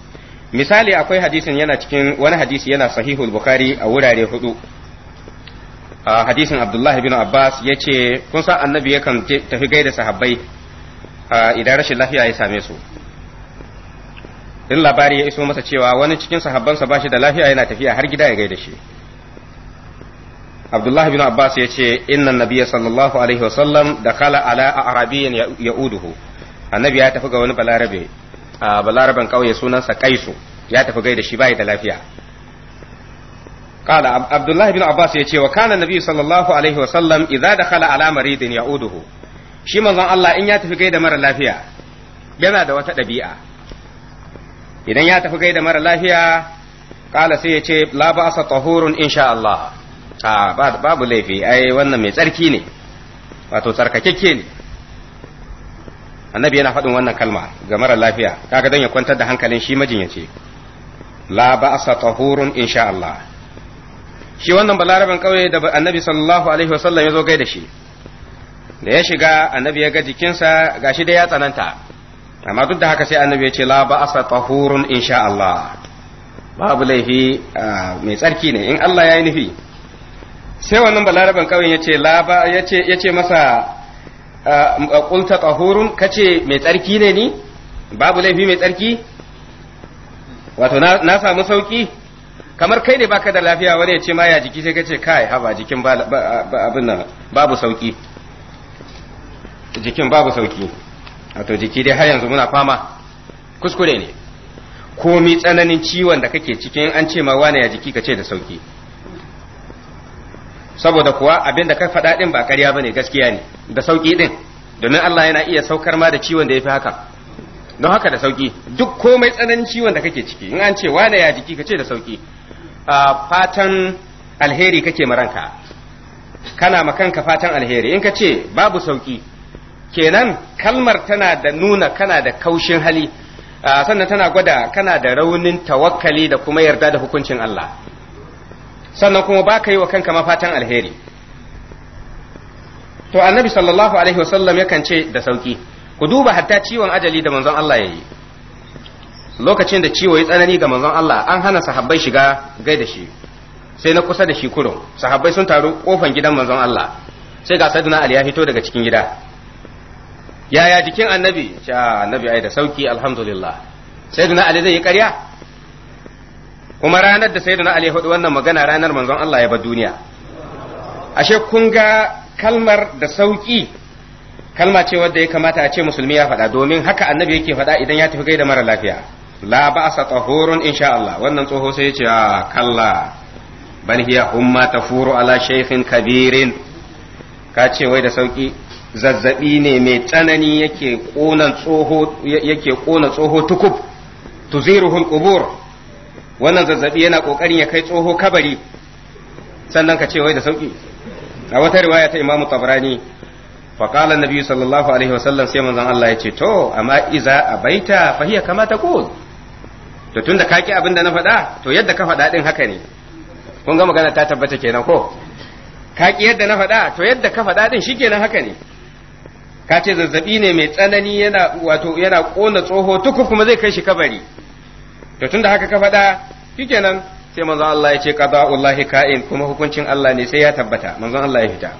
misali akwai hadisin yana cikin wani hadisi yana sahihul bukhari a wurare hudu hadisin abdullahi bin abbas ya ce kun san annabi yakan tafi gaida sahabbai idan rashin lafiya ya same su in labari ya iso masa cewa wani cikin sahabbansa ba shi da lafiya yana tafiya har gida ya gaida shi abdullahi bin abbas ya ce innan nabiya sallallahu alaihi wasallam da kala ala a arabiyyan uduhu annabi ya tafi ga wani balarabe balaraban ƙauye sunansa kaisu ya tafi gai da shi bai da lafiya قال عبد الله بن عباس يتي وكان النبي صلى الله عليه وسلم إذا دخل على مريض يعوده shi manzon Allah in ya tafi gaida mara lafiya yana da wata ɗabi'a idan ya tafi gaida mara lafiya kala sai ya ce la ba'asa tahurun insha Allah ah, babu laifi ai wannan mai tsarki ne wato tsarkakekke ne annabi yana faɗin wannan kalma ga mara lafiya kaga dan ya kwantar da hankalin shi majinyaci la ba'sa tahurun insha Allah shi wannan balaraban kauye da annabi sallallahu alaihi wasallam ya zo gaida shi da ya shiga annabi ya ga jikinsa gashi da ya tsananta amma duk da haka sai annabi ya ce la ba'sa tahurun insha Allah babu laifi mai tsarki ne in Allah ya yi nufi sai wannan balaraban kauyen ya ce la ya ce masa Ah, qulta tahurun kace mai tsarki ne ni babu laifi mai tsarki wato na samu sauki kamar kai ne baka da lafiya wani ya ce ma ya jiki sai kace kai haba jikin abin nan babu sauki jikin babu sauki wato jiki dai har yanzu muna fama kuskure ne komi tsananin ciwon da kake cikin an ce ma wane ya jiki kace da sauki saboda kuwa abin da ka faɗa ɗin ba ƙarya ne gaskiya ne da sauƙi ɗin domin Allah yana iya saukar ma da ciwon da ya fi haka don haka da sauƙi duk komai tsananin ciwon da kake ciki in an ce wane ya jiki ka ce da sauƙi fatan alheri kake maranka kana ma kanka fatan alheri in ka ce babu sauƙi kenan kalmar tana da nuna kana da kaushin hali sannan tana gwada kana da raunin tawakkali da kuma yarda da hukuncin Allah sannan kuma ba ka yi wa kanka mafatan alheri to annabi sallallahu alaihi wasallam yakan ce da sauki ku duba hatta ciwon ajali da manzon Allah ya yi lokacin da ciwo ya tsanani ga manzon Allah an hana sahabbai shiga gai da shi sai na kusa da shi kurum sahabbai sun taru kofan gidan manzon Allah sai ga saduna Ali ya fito daga cikin gida yaya jikin annabi ce ah, annabi ai da sauki alhamdulillah sai Ali zai yi ƙarya kuma ranar da sayyidina ali ya faɗi wannan magana ranar manzon Allah ya bar duniya ashe kun ga kalmar da sauki kalma ce wadda ya kamata a ce musulmi ya faɗa domin haka annabi yake faɗa idan ya tafi gaida mara lafiya la ba'sa tahurun insha Allah wannan tsoho sai ya ce ah, kalla bal hiya humma tafuru ala shaykhin kabirin ka ce wai da sauki zazzabi ne mai tsanani yake kona tsoho yake kona tsoho tukub tuziruhul qubur wannan zazzabi yana kokarin ya kai tsoho kabari sannan ka ce wai da sauki a wata riwaya ta imamu tabrani fa qala annabi sallallahu alaihi wasallam sai manzon Allah ya ce to amma iza abaita fa hiya kama taqul to tunda ka ki abin da na faɗa to yadda ka faɗa din haka ne kun ga magana ta tabbata kenan ko ka ki yadda na faɗa to yadda ka faɗa din shikenan haka ne ka ce zazzabi ne mai tsanani yana wato yana kona tsoho tukuf kuma zai kai shi kabari to tunda haka ka faɗa shikenan sai manzon Allah ya ce qada'ullahi ka'in kuma hukuncin Allah ne sai ya tabbata manzon Allah ya fita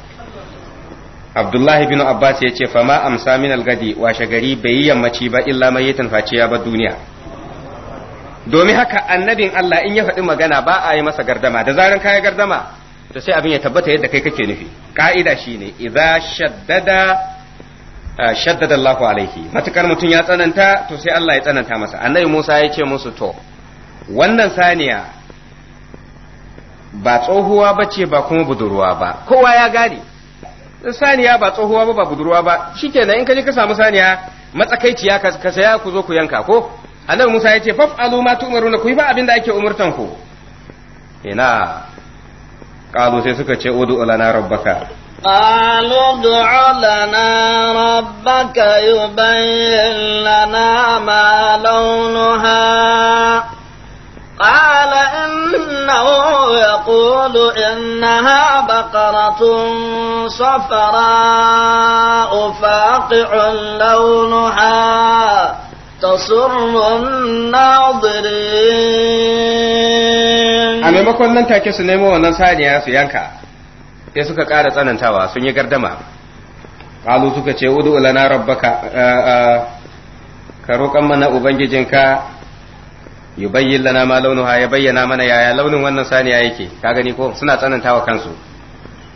Abdullahi bin Abbas ya ce fama amsa min algadi washe gari bai yi yammaci ba illa mayitan face ya duniya domin haka annabin Allah in ya faɗi magana ba a yi masa gardama da zaran kaya gardama to sai abin ya tabbata yadda kai kake nufi ka'ida shine idza shaddada shaddada Allahu alaihi matukar mutum ya tsananta to sai Allah ya tsananta masa annabi Musa ya ce musu to wannan saniya ba tsohuwa ba ce ba kuma budurwa ba kowa ya gane saniya ba tsohuwa ba ba budurwa ba shikenan in ka je ka samu saniya matsakaiciya ka saya ku zo ku yanka ko annabi Musa ya ce faf'alu ma tu'maruna ku yi ba abin da ake umurtan ku ina qalu sai suka ce udu lana rabbaka قالوا ادع لنا ربك يبين لنا ما لونها قال إنه يقول إنها بقرة صفراء فاقع لونها تسر الناظرين a maimakon nan take su nemo wannan saniya su yanka sai suka ƙara tsanantawa sun yi gardama ƙalu suka ce udu lana rabbaka ka roƙan mana ubangijinka yubayyin lana ma launuha ya bayyana mana yaya launin wannan saniya yake ka gani ko suna tsanantawa kansu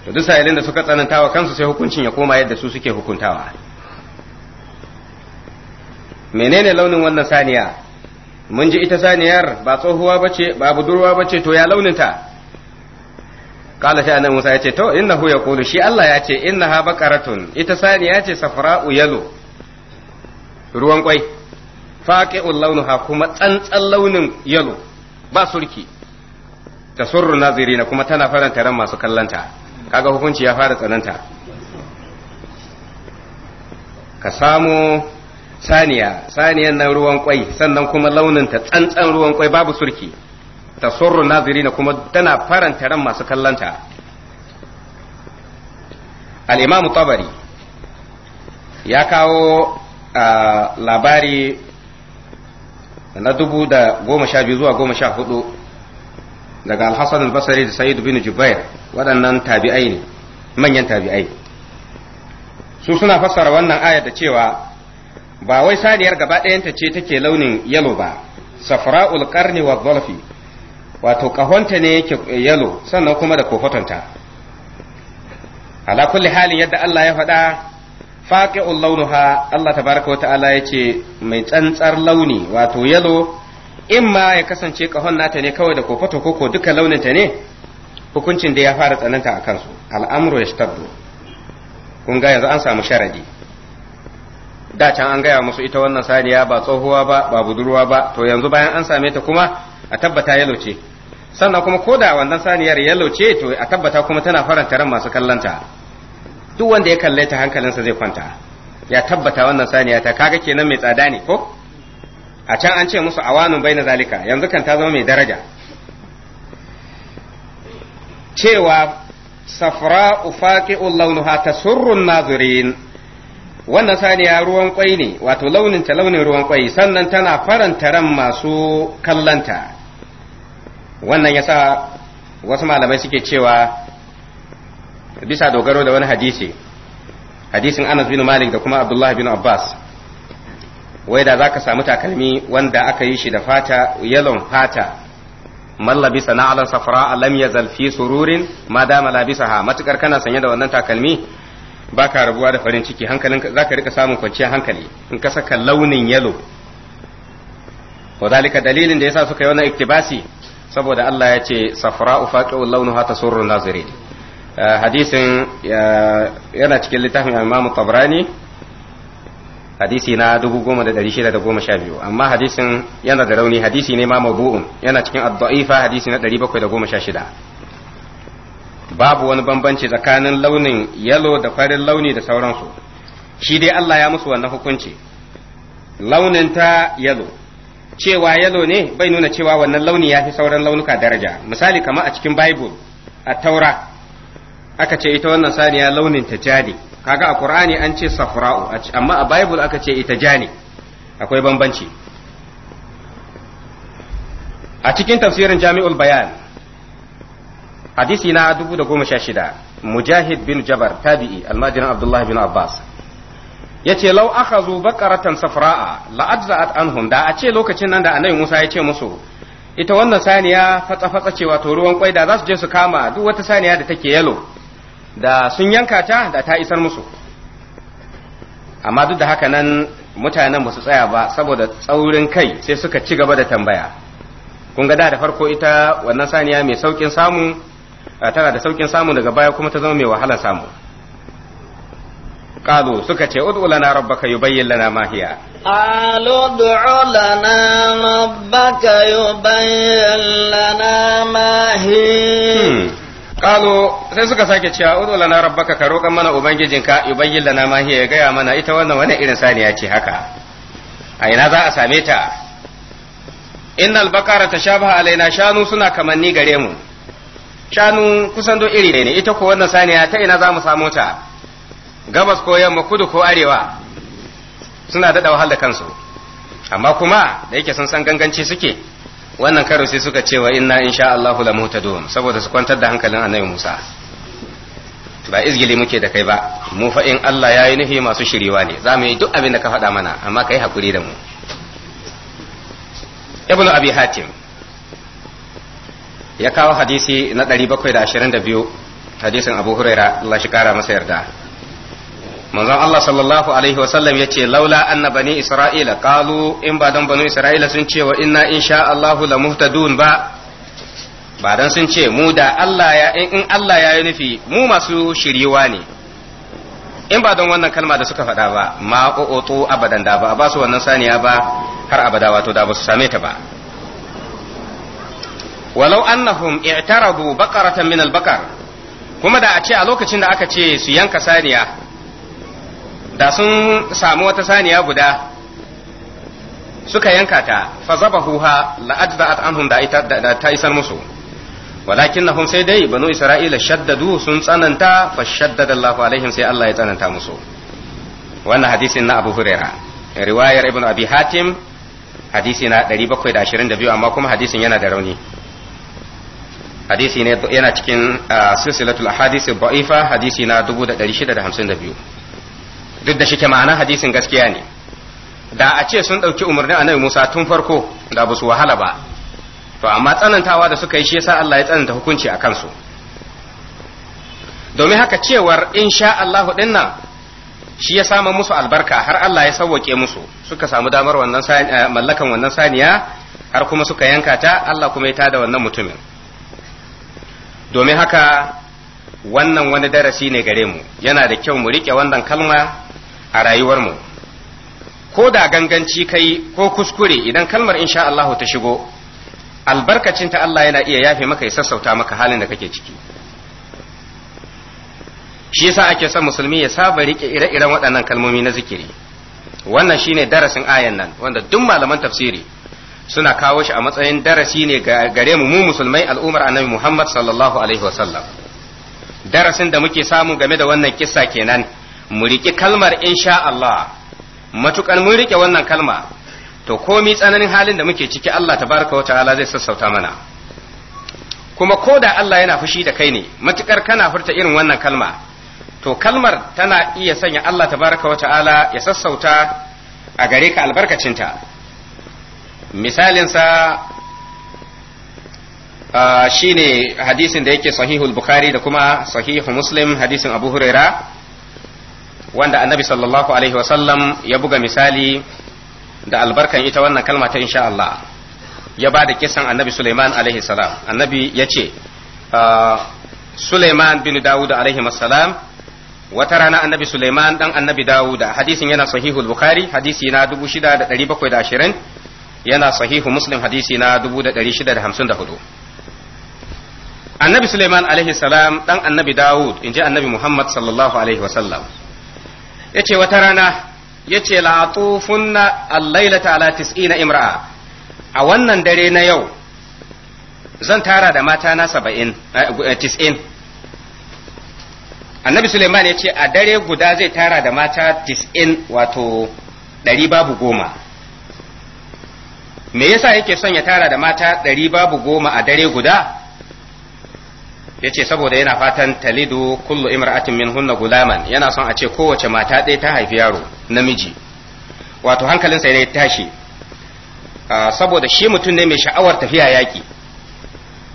to duk sa'ilin da suka tsanantawa kansu sai hukuncin ya koma yadda su suke hukuntawa menene launin wannan saniya mun ji ita saniyar ba tsohuwa bace ba budurwa bace to ya launin ta kala sai annabi Musa ce to innahu yaqulu shi Allah ya ce innaha baqaratun ita saniya ce safra'u yalo ruwan kwai faqi'ul launuha kuma tsantsan launin yalo ba surki ta tasurru na kuma tana faranta ran masu kallanta kaga hukunci ya fara tsananta ka samu saniya saniyan nan ruwan kwai sannan kuma launin ta tsantsan ruwan kwai babu surki ta tasurru na kuma tana faranta ran masu kallanta Alimamu tabari ya kawo ah, labari na dubu da goma sha biyu zuwa goma sha hudu daga alhassan albasari da saidu bin jubair waɗannan tabi'ai ne manyan tabi'ai su suna fassara wannan ayar da cewa ba wai saniyar gaba ɗayanta ce take launin yalo ba safra'ul qarni wa zalfi wato ƙahonta ne yake yalo sannan kuma da kofatonta ala kulli halin yadda Allah ya faɗa faqi'ul launuha Allah Ta baraka wa ta'ala ce mai tsantsar launi wato yalo imma ya kasance kahon nata ne kawai da kofato koko duka launin ta ne hukuncin da ya fara tsananta a kansu al'amru yashtaddu kun ga yanzu an samu sharadi da can an gaya musu ita wannan saniya ba tsohuwa ba ba budurwa ba to yanzu bayan an same ta kuma a tabbata yalo ce sannan kuma ko da wannan saniyar yalo ce to a tabbata kuma tana faranta ran masu kallanta duk wanda ya kalle ta hankalinsa zai kwanta ya tabbata wannan saniya ta kaga kenan mai tsada ne ko a can an ce musu awanun bai na zalika yanzu kan ta zama mai daraja cewa safra ufaqi'ul launuha surrun nazirin wannan saniya ruwan kwai ne wato launin ta launin ruwan kwai sannan tana faranta ran masu kallanta wannan yasa wasu malamai suke cewa bisa dogaro da wani hadisi hadisin Anas bin Malik da kuma Abdullah bin Abbas wai da zaka samu takalmi wanda aka yi shi da fata yalon fata man labisa na alan safra lam yazal fi sururin ma dama labisaha matukar kana sanye da wannan takalmi baka rabuwa da farin ciki hankalin zaka rika samun kwanciyar hankali in ka saka launin yalo wadalika dalilin da yasa suka yi wannan iktibasi saboda Allah ya ce safra ufaqiu launuha tasurru nazirin Eh, hadisin eh, yana cikin littafin imamu tabrani hadisi na 10612 amma hadisin yana da rauni hadisi ne ma mabu'un yana cikin ad-da'ifa hadisi na 716 babu wani bambanci tsakanin launin yalo da farin launi da sauransu shi dai Allah ya musu wannan hukunci launin ta yalo cewa yalo ne bai nuna cewa wannan launi ya fi sauran launuka daraja misali kamar a cikin bible a taura aka ce ita wannan saniya launin ta ja kaga a qur'ani an ce safra'u amma a bible aka ce ita jani ne akwai bambanci a cikin tafsirin jami'ul bayan hadisi na 1016 mujahid bin jabar tabi'i almajirin abdullah bin abbas yace aka akhazu baqaratan safra'a la'ajza'at anhum da a ce lokacin nan da annabi Musa ya ce musu ita wannan saniya fatsa fatsa cewa to ruwan kwai da za su je su kama duk wata saniya da take yalo da sun yanka ta da ta isar musu amma duk da haka nan mutanen ba su tsaya ba saboda tsaurin kai sai suka ci gaba da tambaya kun ga da da farko ita wannan saniya mai saukin samu tana da saukin samu daga baya kuma ta zama mai wahala samu قالوا ce ادع لنا ربك يبين لنا ما هي قالوا ادع لنا ربك يبين لنا ما هي Kalo sai suka sake cewa udu lana rabbaka ka roƙan mana ubangijinka yubayyin lana ma hiya ya gaya mana ita wannan wani irin saniya ce haka a ina za a same ta innal bakara tashabaha alaina shanu suna kamanni gare mu shanu kusan do iri ne ita ko wannan saniya ta ina za mu samu ta gabas ko yamma kudu ko arewa suna daɗa wahala da kansu amma kuma da yake sun san ganganci suke wannan karo sai suka ce wa inna insha Allahu la muhtadun saboda su kwantar da hankalin annabi Musa ba izgili muke da kai ba mu fa in Allah yayi nufi masu shiriwa ne za mu yi duk abin da ka faɗa mana amma kai hakuri da mu ibnu abi hatim ya kawo hadisi na 722 hadisin abu huraira Allah shi kara masa yarda manzon Allah sallallahu alaihi wasallam yace laula anna bani isra'ila qalu in ba dan bani isra'ila sun ce wa inna insha Allahu la muhtadun ba ba dan sun ce mu da Allah ya in Allah ya yi nufi mu masu shiriwa ne in ba don wannan kalma da suka faɗa ba ma utu abadan da ba ba su wannan saniya ba har abada wato da ba su same ta ba walau annahum i'tarabu baqaratan min al-baqar kuma da a ce a lokacin da aka ce su yanka saniya da sun samu wata saniya guda suka yanka ta fa zabahuha la ajza'at anhum da ita da ta isar musu walakinnahum sai dai banu isra'ila shaddadu sun tsananta fa shaddada Allahu alaihim sai Allah ya tsananta musu wannan hadisin na Abu Huraira riwayar Ibn Abi Hatim hadisi na 722 amma kuma hadisin yana da rauni hadisi ne yana cikin ah, silsilatul ahadisi da'ifa hadisi na 1652 duk da shike ma'ana hadisin gaskiya ne da a ce sun ɗauki umarnin annabi Musa tun farko da ba su wahala ba to amma tsanantawa da suka yi shi yasa Allah ya tsananta hukunci a kansu domin haka cewar insha Allahu nan shi ya samu musu albarka har Allah ya sauwake musu suka samu damar wannan eh, mallakan wannan saniya har kuma suka yanka ta Allah kuma ya tada wannan mutumin domin haka wannan wani darasi ne gare mu yana da kyau mu riƙe wannan kalma a rayuwarmu ko da ganganci kai ko kuskure idan kalmar insha Allah ta shigo albarkacin ta Allah yana iya yafe maka ya sassauta maka halin da kake ciki shi yasa ake son musulmi ya saba rike ire-iren waɗannan kalmomi na zikiri wannan shine darasin ayan nan wanda duk malaman tafsiri suna kawo shi a matsayin darasi ne gare mu mu musulmai al'umar annabi Muhammad sallallahu alaihi wasallam darasin da muke samu game da wannan kissa kenan mu riƙe kalmar insha Allah matukar mun riƙe wannan kalma to komi tsananin halin da muke ciki Allah tabaraka wa ta'ala zai sassauta mana kuma ko da Allah yana fushi da kai ne matukar kana furta irin wannan kalma to kalmar tana iya sanya Allah tabaraka wa ta'ala ya sassauta a gare ka albarkacinta misalinsa shine hadisin da yake sahihul bukhari da kuma sahihu muslim hadisin abu huraira wanda annabi sallallahu alaihi wasallam ya buga misali da albarkan ita wannan kalma ta insha Allah ya ba da kisan annabi Suleiman alaihi salam annabi ya ce ah, Suleiman bin Dawud alaihi salam wata rana annabi Suleiman dan annabi Dawud hadisin yana sahihul Bukhari hadisi na 6720 yana sahihu Muslim hadisi na 6654 annabi suleiman alaihi salam dan annabi dawud in ji annabi muhammad sallallahu alaihi wasallam yace wata rana yace la'atufunna al-lailata ala tis'ina imra'a a wannan dare na yau zan tara da mata na 70 90 eh, eh, annabi suleiman ya ce a dare guda zai tara da mata 90 wato 100 babu goma me yasa yake son ya tara da mata 100 babu goma a dare guda ya ce saboda yana fatan talidu kullu imra'atin min hunna gulaman yana son a ce kowace mata ɗaya ta haifi yaro namiji wato hankalinsa ne tashi ah, saboda shi mutum ne mai sha'awar tafiya yaƙi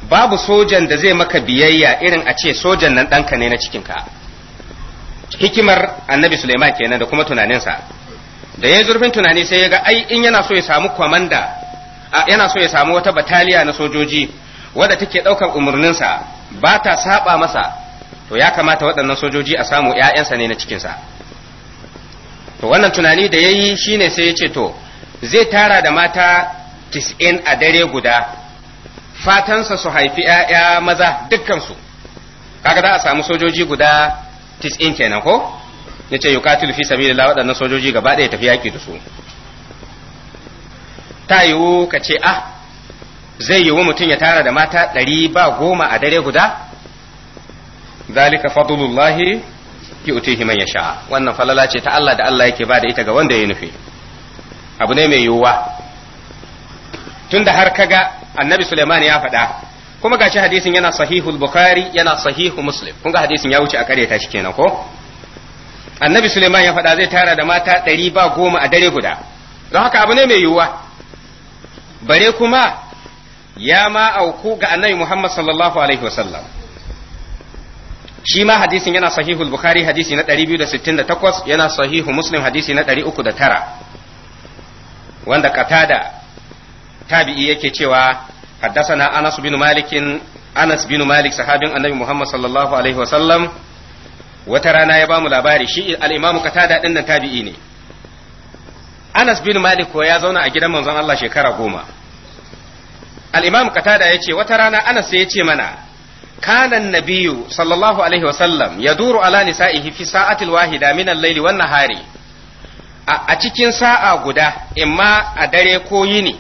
babu sojan da zai maka biyayya irin a ce sojan nan ɗanka ne na cikinka hikimar annabi suleiman kenan da kuma tunaninsa da ya zurfin tunani sai ya ga ai in yana so ya samu kwamanda yana so ya samu wata bataliya na sojoji wadda take ɗaukar umarninsa ba ta saba masa to ya kamata waɗannan sojoji a samu ‘ya'yansa ne na cikinsa to wannan tunani da ya yi shi ne sai ya ce to zai tara da mata tis'in a dare guda fatansa su haifi ‘ya'ya maza dukkansu kaga za a samu sojoji guda tis'in kenan ko ya ce yukatil fi lila waɗannan sojoji gaba ɗaya tafi yaƙi da su ta yiwu ka ce ah zai yiwu mutum ya tara da mata ɗari ba goma a dare guda zalika fadulullahi. fadlullahi yu'tihi man sha'a. wannan falala ce ta Allah da Allah yake ba da ita ga wanda ya nufi abu ne mai yiwuwa Tun da har kaga annabi Suleiman ya faɗa kuma gashi hadisin yana sahihul bukhari yana sahihu muslim kun ga hadisin ya wuce a kare ta shi kenan ko annabi Suleiman ya faɗa zai tara da mata ɗari ba goma a dare guda don haka abu ne mai yiwuwa bare kuma ya ma auku ga annabi Muhammad sallallahu alaihi wasallam shi ma hadisin yana sahihul bukhari hadisi na 268 yana sahihu muslim hadisi na 309 wanda katada tabi'i yake cewa haddathana anas bin malik anas bin malik sahabin annabi muhammad sallallahu alaihi wasallam wata rana ya bamu labari shi al-imamu qatada din tabi'i ne anas bin malik ko ya zauna a gidan manzon Allah shekara goma Al'imam Katada ya ce wata rana anas ya ce mana kana nabiyu sallallahu alaihi wasallam yaduru ala nisa'ihi fi sa'atil wahida min laili wannan hari. a cikin sa'a guda imma a dare ko yini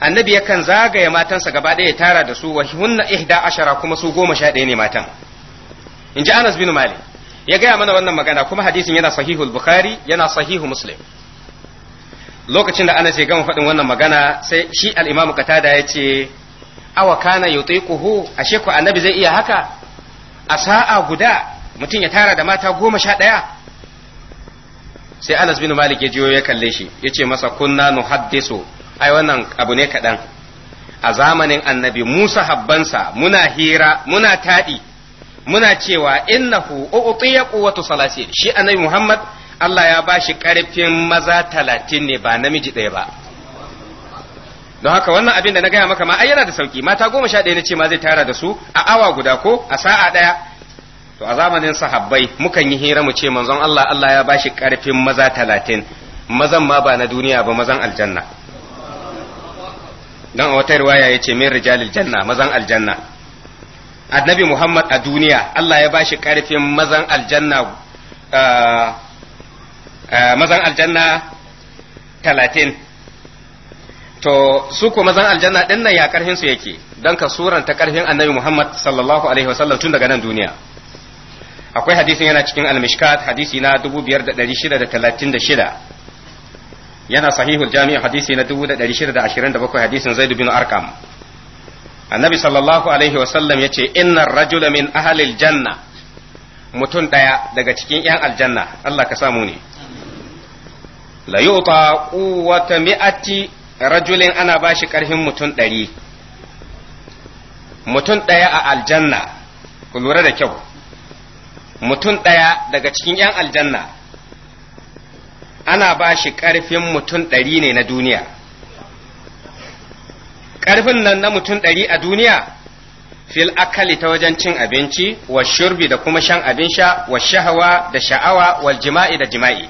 annabi yakan zagaya matansa gaba ɗaya ya tara da su wa hunna ihda ashara kuma su goma sha ɗaya ne matan in ji anas bin malik ya gaya mana wannan magana kuma hadisin yana sahihul bukhari yana sahihu muslim lokacin da Anas ya gama faɗin wannan magana sai shi al'imam imam Qatada ya ce awa kana yutiquhu ashe ko annabi zai iya haka a sa'a guda mutum ya tara da mata goma sha ɗaya sai Anas bin Malik ya jiyo ya kalle shi ya ce masa kunna nu haddisu ai wannan abu ne kaɗan a zamanin annabi Musa habbansa muna hira muna taɗi muna cewa innahu u'tiya quwwatu salasi shi annabi Muhammad Allah ya ba shi ƙarfin maza talatin ne ba namiji ɗaya ba don haka wannan abin da na gaya maka ma ai yana da sauki mata goma sha ɗaya na ce ma zai tara da su a awa guda ko a sa'a ɗaya to a zamanin sahabbai mukan yi hira mu ce manzon Allah Allah ya ba shi karfin maza talatin mazan ma ba na duniya ba mazan aljanna don a wata riwaya ya ce min rijalil janna mazan aljanna annabi Muhammad a duniya Allah ya ba shi karfin mazan aljanna ah, Eh, mazan aljanna talatin to su ko mazan aljanna din nan ya karfin su yake don ka suranta karfin annabi Muhammad sallallahu alaihi wasallam tun daga nan duniya akwai hadisin yana cikin al hadisi na 5636 yana sahihul jami'a hadisi na 1627 hadisin zaid bin arkam annabi sallallahu alaihi wasallam ya ce innar rajula min ahalil janna mutum daya daga cikin 'yan aljanna Allah ka samu ne la yu'ta quwwata mi'ati rajulin ana bashi karfin mutum ɗari mutum ɗaya a aljanna ku lura da kyau mutum ɗaya daga cikin 'yan aljanna ana bashi shi ƙarfin mutum ɗari ne na duniya ƙarfin nan na mutum ɗari a duniya fil akali ta wajen cin abinci wa shurbi da kuma shan abin sha wa shahawa da sha'awa wal jima'i da jima'i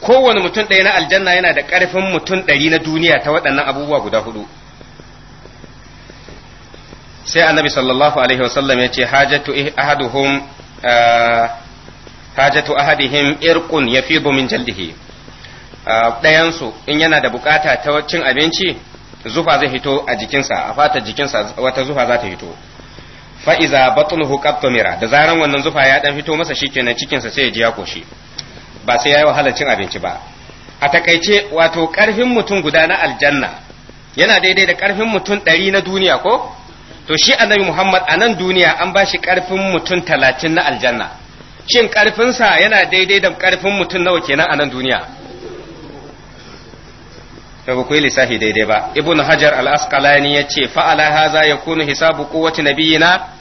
kowane mutum ɗaya na aljanna yana da ƙarfin mutum ɗari na duniya ta waɗannan abubuwa guda hudu sai annabi sallallahu alaihi wasallam ya ce hajatu ahaduhum ah, hajatu ahadihim irqun yafidu min jaldihi ah, ɗayansu in yana da bukata ta cin abinci zufa zai hito a jikinsa a fatar jikinsa wata zufa za ta hito fa'iza batnuhu qattumira da zaran wannan zufa ya dan fito masa shikenan cikinsa sai ya ji ya koshi ba sai ya yi wahalar cin abinci ba a takaice wato ƙarfin mutum guda na aljanna yana daidai da ƙarfin mutum ɗari na duniya ko to shi annabi muhammad a nan duniya an ba shi ƙarfin mutum talatin na aljanna shin ƙarfinsa yana daidai da ƙarfin mutum nawa kenan a nan duniya da ba ku lissafi daidai ba Ibn hajar al-asqalani ya ce fa'ala haza ya kunu hisabu kowace nabiyina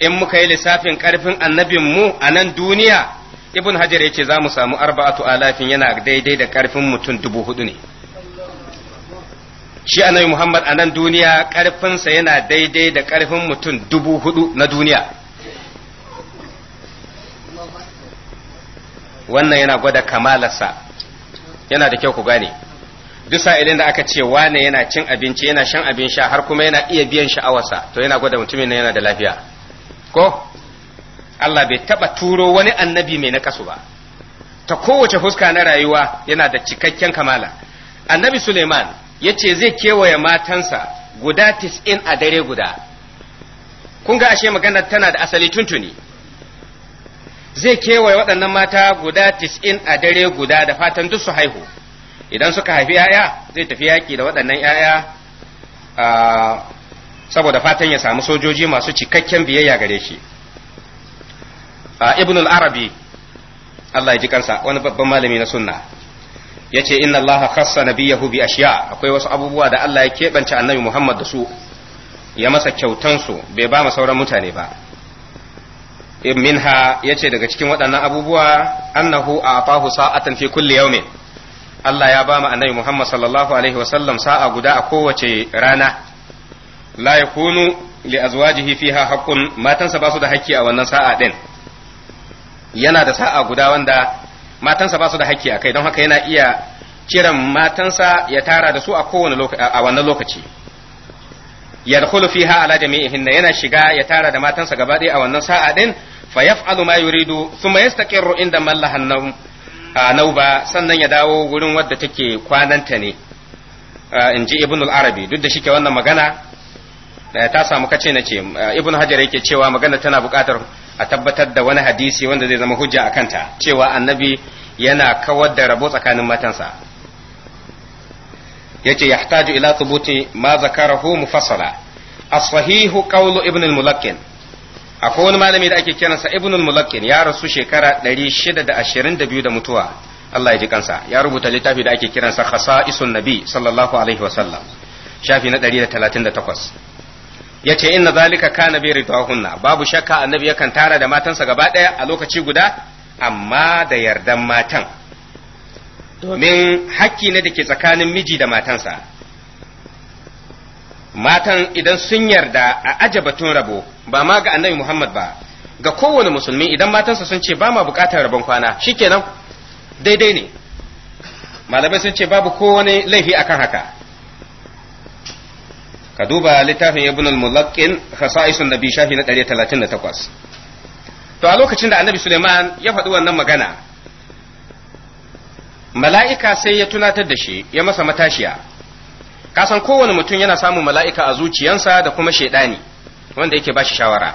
in muka yi lissafin ƙarfin annabinmu a nan duniya ibn hajar ya ce za mu samu arba'atu alafin yana daidai da karfin mutum dubu hudu ne shi annabi muhammad a nan duniya karfinsa yana daidai da karfin mutum dubu hudu na duniya wannan yana gwada kamalarsa yana da kyau ku gane duk sa'ilin da aka ce wane yana cin abinci yana shan abin sha har kuma yana iya biyan sha'awarsa to yana gwada mutumin yana da lafiya ko Allah bai taba turo wani annabi mai nakasu ba ta kowace fuska na rayuwa yana da cikakken kamala annabi Suleiman ya ce zai kewaye matansa guda tis'in a dare guda kun ga ashe magana tana da asali tuntuni zai kewaye waɗannan mata guda tis'in a dare guda da fatan duk su haihu idan suka haifi 'ya'ya zai tafi yaƙi da waɗannan 'ya'ya ah, saboda fatan ya samu sojoji masu cikakken biyayya gare shi A Ibnul arabi Allah ya kansa wani babban malami na sunna yace inna hassana khassa nabiyahu bi ashiya akwai wasu abubuwa da Allah ya keɓance annabi Muhammad da su ya masa kyautan su bai ba sauran mutane ba minha ce daga cikin waɗannan abubuwa annahu a'tahu sa'atan fi kulli yawmin Allah ya ba mu annabi Muhammad sallallahu alaihi wasallam sa'a guda a kowace rana la yakunu li azwajihi matansa ba su da hakki a wannan sa'a din yana da sa'a guda wanda matansa ba su da haƙƙi a kai don haka yana iya kiran matansa ya tara da su a kowane a wannan lokaci yadkhulu fiha ala jami'ihinna yana shiga ya tara da matansa gaba a wannan sa'a din fa yaf'alu ma yuridu thumma yastaqirru inda mallaha an nauba sannan ya dawo gurin wadda take kwananta ne in ji ibn arabi duk da shike wannan magana eh, ta samu kace na ce eh, ibn hajar yake cewa magana tana buƙatar a tabbatar da wani hadisi wanda zai zama hujja a kanta cewa annabi yana kawar da rabo tsakanin matansa yace yahtaju ila thubuti ma zakarahu mufassala as-sahihu qawlu ibn al-mulakkin akwai wani malami da ake kiransa ibn al-mulakkin ya rasu shekara 622 da mutuwa Allah ya ji kansa ya rubuta littafi da ake kiransa khasa'isun nabi sallallahu alaihi wasallam shafi na 138 Ya ce inna zalika kana bi ridahunna babu shakka annabi yakan tara da matansa gaba daya a lokaci guda amma da yardan matan domin hakki ne da ke tsakanin miji da matansa matan idan sun yarda a aje batun rabo ba ma ga annabi Muhammad ba ga kowane musulmi idan matansa sun ce ba ma bukatar rabon kwana shikenan daidai ne malamai sun ce babu kowane laifi akan haka ka duba littafin ibn al-mulaqqin khasa'isun nabi shafi na 138 to a lokacin da annabi suleiman ya faɗi wannan magana mala'ika sai ya tunatar da shi ya masa matashiya Ka kasan kowane mutum yana samun mala'ika a zuciyansa da kuma shaidani wanda yake bashi shawara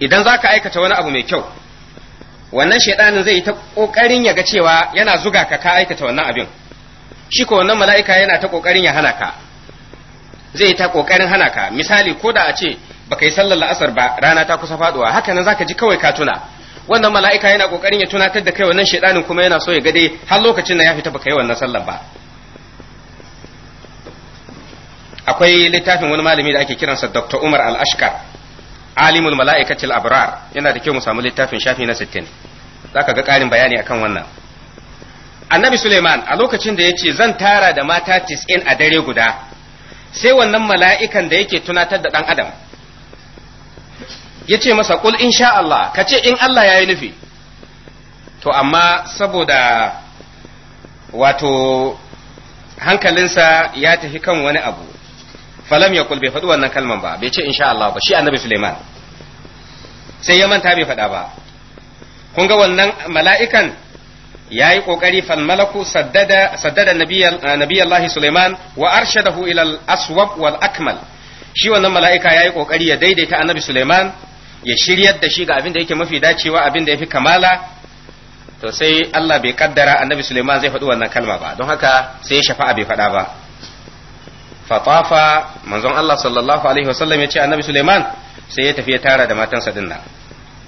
idan zaka aikata wani abu mai kyau wannan shaidanin zai yi ta ƙoƙarin ya ga cewa yana zuga ka ka aikata wannan abin shi ko wannan mala'ika yana ta ƙoƙarin ya hana ka zai ta kokarin hana ka misali ko da a ce baka yi sallar la'asar ba rana ta kusa faduwa haka nan zaka ji kawai ka tuna wannan mala'ika yana kokarin ya tunatar da kai wannan shedanin kuma yana so ya ga dai har lokacin da ya fita baka yi wannan sallar ba akwai littafin wani malami da ake kiransa Dr. Umar Al-Ashkar Alimul Mala'ikatil Abrar yana da kyau mu samu littafin shafi na 60 zaka ga karin bayani akan wannan Annabi Suleiman a lokacin da ya ce zan tara da mata 90 a dare guda sai wannan mala'ikan da yake tunatar da ɗan adam ya ce masa kul in sha Allah ka ce in Allah ya yi nufi to amma saboda wato hankalinsa ya tafi kan wani abu falam ya bai faɗi wannan kalman ba bai ce in sha Allah ba shi annabi Suleiman sai ya manta bai faɗa ba kun ga wannan mala'ikan ya yi ƙoƙari falmalaku saddada nabiyallahi eh, Suleiman wa arshadahu ilal aswab wal akmal shi wannan mala'ika ya yi ƙoƙari ya daidaita annabi Suleiman ya shiryar da shi ga abin da yake mafi dacewa abin da ya fi kamala to sai Allah bai kaddara annabi Suleiman zai faɗi wannan kalma ba don haka sai ya shafa'a bai faɗa ba fatafa manzon Allah sallallahu alaihi wasallam ya ce annabi Suleiman sai ya tafi ya tara da matansa dinnan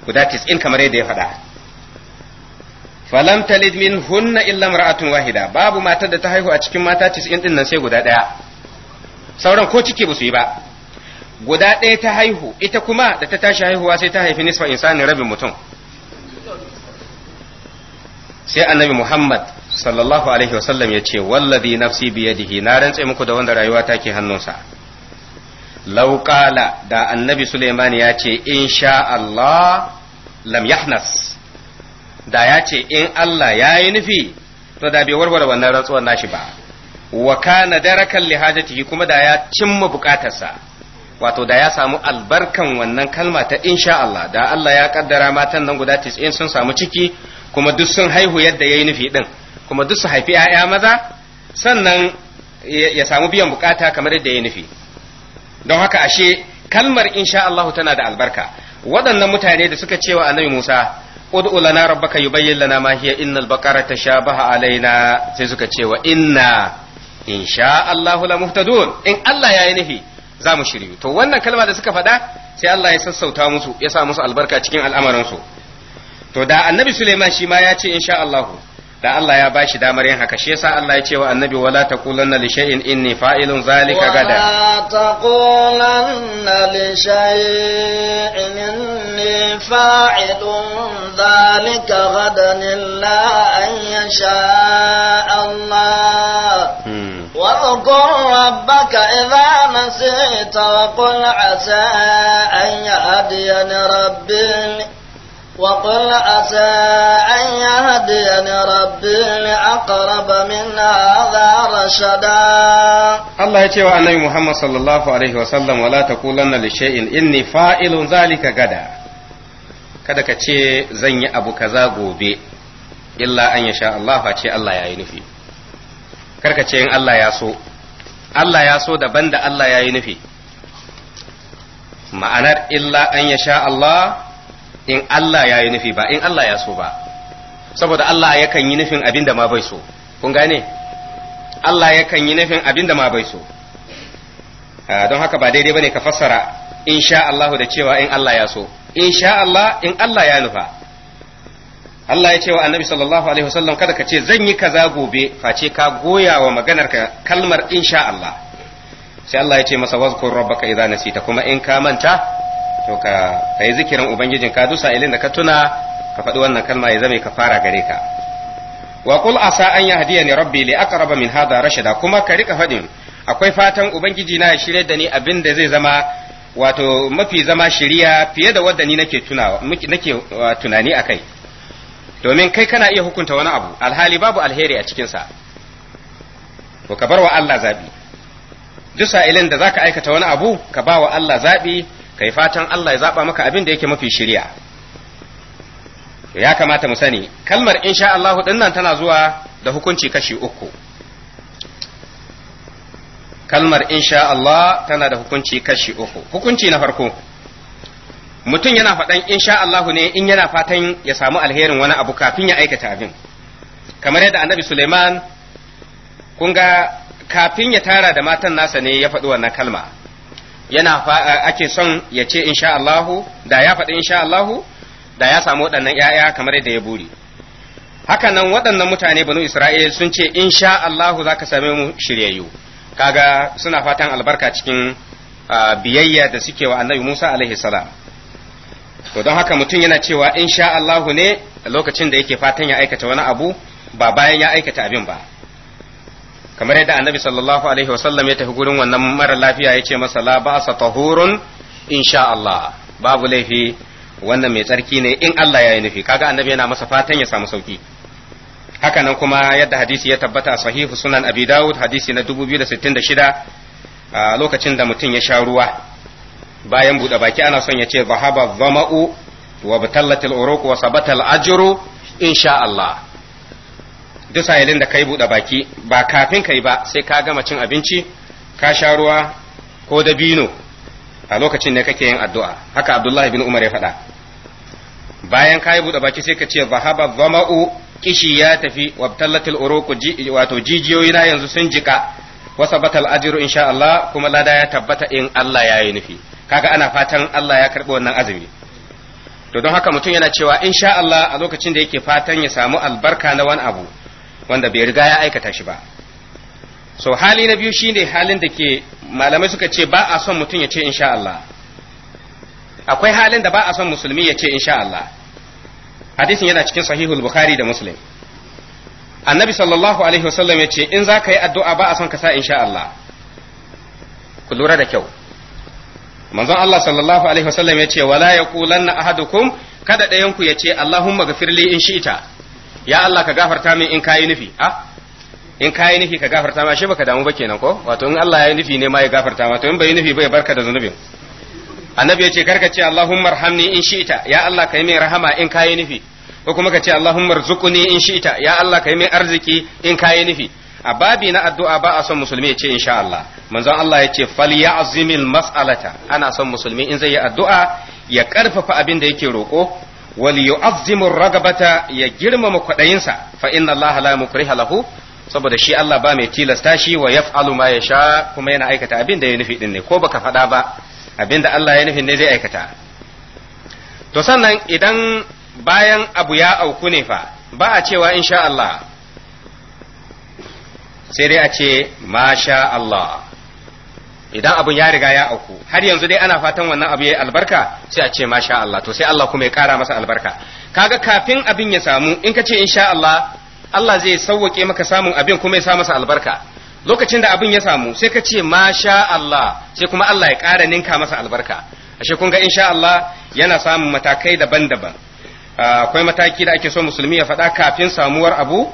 guda 90 kamar yadda ya faɗa falam talid min hunna illa mar'atun wahida babu matar da ta haihu a cikin mata 90 din nan sai guda daya sauran ko ciki ba su yi ba guda ɗaya ta haihu ita kuma da ta tashi haihuwa sai ta haifi nisfa insani rabin mutum sai annabi muhammad sallallahu alaihi wasallam ya ce wallazi nafsi biyadihi na rantse muku da wanda rayuwa take hannunsa lauƙala da annabi suleiman ya ce insha Allah lam yahnas da ya ce in Allah ya yi nufi to da bai warware wannan rantsuwar nashi ba wa kana darakan li hajatihi kuma da ya cimma bukatarsa wato da ya samu albarkan wannan kalma ta insha Allah da Allah ya kaddara matan nan guda 90 sun samu ciki kuma duk sun haihu yadda yayi nufi din kuma duk su haifi 'ya'ya maza sannan ya samu biyan bukata kamar yadda yayi nufi don haka ashe kalmar insha Allah tana da albarka waɗannan mutane da suka cewa annabi Musa ud'u lana rabbaka yubayyin lana ma hiya innal baqara tashabaha alaina sai suka ce wa inna in Allah Allahu la muhtadun in Allah yi nufi za mu shiryu to wannan kalma da suka faɗa sai Allah ya sassauta musu ya sa musu albarka cikin al'amarin su to da annabi Suleiman shi ma ya ce insha Allahu da Allah ya bashi damar yin haka shi yasa Allah ya ce wa annabi wala taqulanna li shay'in inni fa'ilun zalika gada wala taqulanna li shay'in inni fa'ilun zalika gadan illa an yasha Allah واذكر ربك إذا نسيت وقل عسى أن يهديني ربي وقل عسى أن يهديني ربي لأقرب من هذا رشدا الله يتوى النبي محمد صلى الله عليه وسلم ولا تقولن لشيء إني فاعل ذلك غدا kada ka ce zan yi abu kaza gobe illa an yasha Allah ce Allah ya yi nufi karka ce in Allah ya so Allah ya so daban da Allah ya yi nufi ma'anar illa an yasha Allah in Allah ya yi nufi ba in Allah ya so ba saboda Allah ya kan yi nufin abin da ma bai so kun gane Allah ya kan yi nufin abin da ma bai so ah, don haka ba daidai bane ka fassara in sha Allah da cewa in Allah ya so in sha Allah in Allah ya nufa Allah ya ce wa annabi sallallahu alaihi wasallam kada ka ce zan yi kaza gobe face ka goya wa maganar ka kalmar in sha Allah sai Allah ya ce masa wazkur rabbaka idza nasita kuma in ka manta to ka yi zikirin ubangijin ka dusa ilin da ka tuna ka faɗi wannan kalma ya zame ka fara gare ka wa qul asa an yahdiyani rabbi li aqraba min hadha rashada kuma ka rika faɗin akwai fatan ubangiji na ya shirye da ni abin da zai zama wato mafi zama shiriya fiye da wadda ni nake nake tunani akai domin kai kana iya hukunta wani abu alhali babu alheri a cikinsa to ka bar wa Allah zabi duk sa'ilin da zaka aikata wani abu ka ba wa Allah zabi kai fatan Allah ya zaba maka abin da yake mafi shiriya ya kamata mu sani kalmar insha Allah din nan tana zuwa da hukunci kashi uku kalmar insha Allah tana da hukunci kashi uku hukunci na farko mutum yana faɗan insha Allah ne in yana fatan ya samu alherin wani abu kafin ya aikata abin kamar yadda annabi Suleiman kun ga kafin ya tara da matan nasa ne ya faɗi wannan kalma yana ake son ya ce insha Allahu da ya faɗi insha Allahu da ya samu waɗannan ‘ya'ya kamar yadda ya buri hakanan waɗannan mutane banu Isra'il sun ce insha Allahu za ka same mu shiryayyu kaga suna fatan albarka cikin biyayya da suke wa annabi Musa alaihi salam to don haka mutum yana cewa insha Allahu ne lokacin da yake fatan ya aikata wani abu ba bayan ya aikata abin ba kamar yadda annabi sallallahu alaihi wasallam ya tafi gurin wannan mara lafiya ya ce masa la ba'sa tahurun insha Allah babu laifi wannan mai tsarki ne in Allah ya yi nufi kaga annabi yana masa fatan ya samu sauki haka nan kuma yadda hadisi ya tabbata a sahihu sunan abi dawud hadisi na 2066 a lokacin da mutum ya sha ruwa bayan bude baki ana son ya ce zahaba zama'u wa batallatil uruq wa sabatal ajru insha Allah duk sa'ilin da kai buɗe baki ba kafin kai ba sai ka gama cin abinci ka sha ruwa ko dabino a lokacin ne kake yin addu'a haka abdullahi bin umar ya faɗa bayan ka yi buɗe baki sai ka ce zahaba zama'u kishi ya tafi wabtallatil uruku wato jijiyoyi na yanzu sun jika wasa batal ajiru insha Allah kuma lada ya tabbata in Allah ya yi nufi kaga ana fatan Allah ya karɓi wannan azumi to don haka mutum yana cewa insha Allah a lokacin da yake fatan ya samu albarka na wani abu wanda bai riga ya aikata shi ba so hali na biyu shine halin da ke malamai suka ce ba a son mutum ya ce insha Allah akwai halin da ba a son musulmi ya ce insha Allah hadisin yana cikin sahihul bukhari da muslim annabi sallallahu alaihi wasallam ya ce in za ka yi addu'a ba a son ka sa insha Allah ku lura da kyau manzon Allah sallallahu alaihi wasallam ya ce wala yaqulanna ahadukum kada ɗayanku ya ce Allahumma gafirli in shi'ita ya Allah ka gafarta min in kayi nufi in kayi nufi ka gafarta ma shi baka damu ba kenan ko wato in Allah ya yi nufi ne ma ya gafarta ma to in bai nufi bai barka da zunubin annabi ya ce karka ce Allahumma arhamni in shi'ita ya Allah ka yi min rahama in kayi nufi ko kuma ka ce Allahumma rzuqni in shi'ita ya Allah ka yi min arziki in kayi nufi a babi na addu'a ba a son musulmi ya ce insha Allah manzon Allah ya ce falyazimil mas'alata ana son musulmi in zai yi addu'a ya karfafa abin da yake roko wal yu'azzimu ragabata ya girmama kwaɗayinsa fa inna Allah la saboda shi Allah ba mai tilasta shi wa yaf'alu ma yasha kuma yana aikata abin da ya nufi din ne ko baka faɗa ba abin da Allah ya nufi ne zai aikata to sannan idan bayan abu ya auku ne fa ba a cewa insha Allah sai dai a ce masha Allah idan abin ya riga ya auku har yanzu dai ana fatan wannan abu yayi albarka sai a ce masha Allah to sai Allah kuma ya kara masa albarka kaga kafin abin ya samu in ka ce insha Allah Allah zai sauwake maka samun abin kuma ya sa masa albarka lokacin da abin ya samu sai ka ce masha Allah sai kuma Allah ya kara ninka masa albarka ashe kun ga insha Allah yana samun matakai daban-daban ah, akwai mataki da ake so musulmi ya faɗa kafin samuwar abu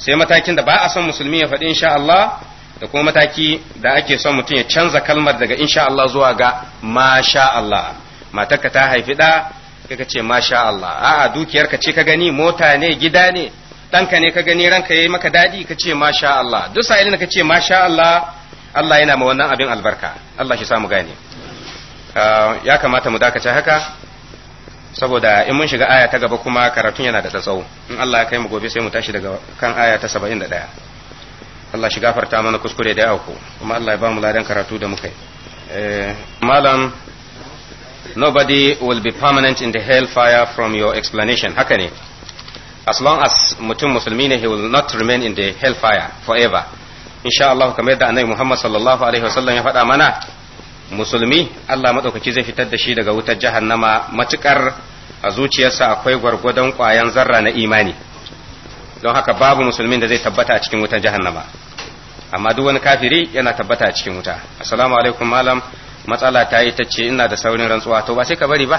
sai matakin da ba a son musulmi ya faɗi insha Allah da kuma mataki da ake son mutum ya canza kalmar daga insha Allah zuwa ga masha Allah matarka ta haifi da ka ce masha Allah a'a dukiyarka ce ka gani mota ne gida ne ɗanka ne ka gani ranka yayi maka daɗi ka ce masha Allah duk sa'ilin da ka ce masha Allah Allah yana ma wannan abin albarka Allah shi mu gane ah, ya kamata mu dakace haka saboda in mun shiga aya ta gaba kuma karatun yana da tsawo in Allah ya kai mu gobe sai mu tashi daga kan aya ta 71 Allah shi gafarta mana kuskure da yawa kuma Allah ya ba mu ladan karatu da muka yi eh, malam nobody will be permanent in the fire from your explanation haka ne as long as mutum musulmi ne he will not remain in the hellfire forever insha Allah kamar yadda annabi Muhammad sallallahu alaihi wasallam ya faɗa mana musulmi Allah madaukaki zai fitar da shi daga wutar jahannama matukar a zuciyarsa akwai gwargwadon kwayan zarra na imani don haka babu musulmin da zai tabbata a cikin wutar jahannama amma duk wani kafiri yana tabbata a cikin wuta assalamu alaikum malam matsala ta yi ta ce ina da saurin rantsuwa to ba sai ka bari ba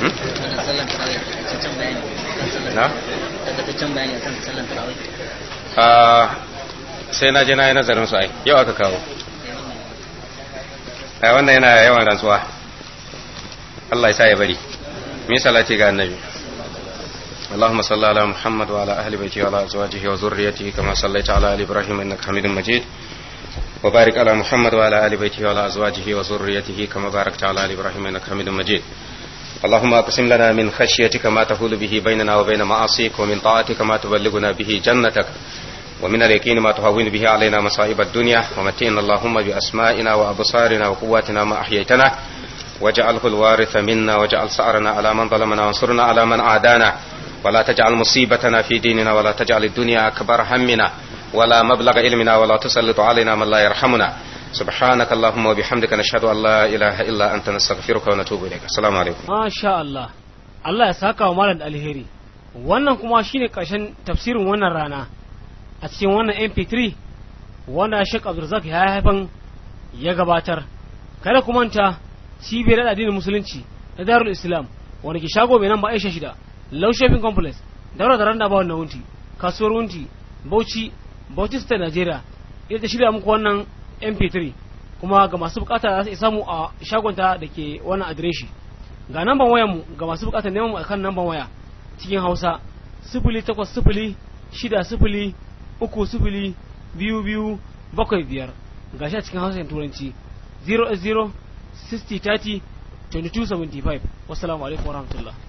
hmm? ah, sai na je na yi nazarin su ai yau aka kawo eh, wannan yana yawan rantsuwa Allah ya sa ya bari me salati ga annabi اللهم صل على محمد وعلى أهل بيته وعلى أزواجه وذريته كما صليت على آل إبراهيم إنك حميد مجيد وبارك على محمد وعلى آل بيته وعلى أزواجه وذريته كما باركت على آل إبراهيم إنك حميد مجيد اللهم اقسم لنا من خشيتك ما تحول به بيننا وبين معاصيك ومن طاعتك ما تبلغنا به جنتك ومن اليقين ما تهون به علينا مصائب الدنيا ومتين اللهم بأسمائنا وأبصارنا وقواتنا ما أحييتنا واجعله الوارث منا واجعل سعرنا على من ظلمنا وانصرنا على من عادانا ولا تجعل مصيبتنا في ديننا ولا تجعل الدنيا أكبر همنا ولا مبلغ علمنا ولا تسلط علينا من لا يرحمنا سبحانك اللهم وبحمدك نشهد أن لا إله إلا أنت نستغفرك ونتوب إليك السلام عليكم ما شاء الله الله يساك ومالا الهيري wannan kuma shine karshen tafsirin wannan rana a cikin wannan mp3 wanda Sheikh Abdulrazak ya haifan ya gabatar kada ku manta cibiyar addinin musulunci na Darul Islam wani ke shago nan ba shida low shopping complex daura da randa ba wannan wunti kasuwar wunti bauchi bauchi state nigeria ita ta shirya muku wannan mp3 kuma ga masu bukata za su isa mu a shagonta da ke wannan adireshi ga namban wayar mu ga masu bukata neman mu akan namban waya cikin hausa sifili takwas sifili shida uku biyu biyu bakwai biyar ga a cikin hausa turanci 0 0 60 30 wa 75 alaikum warahmatullahi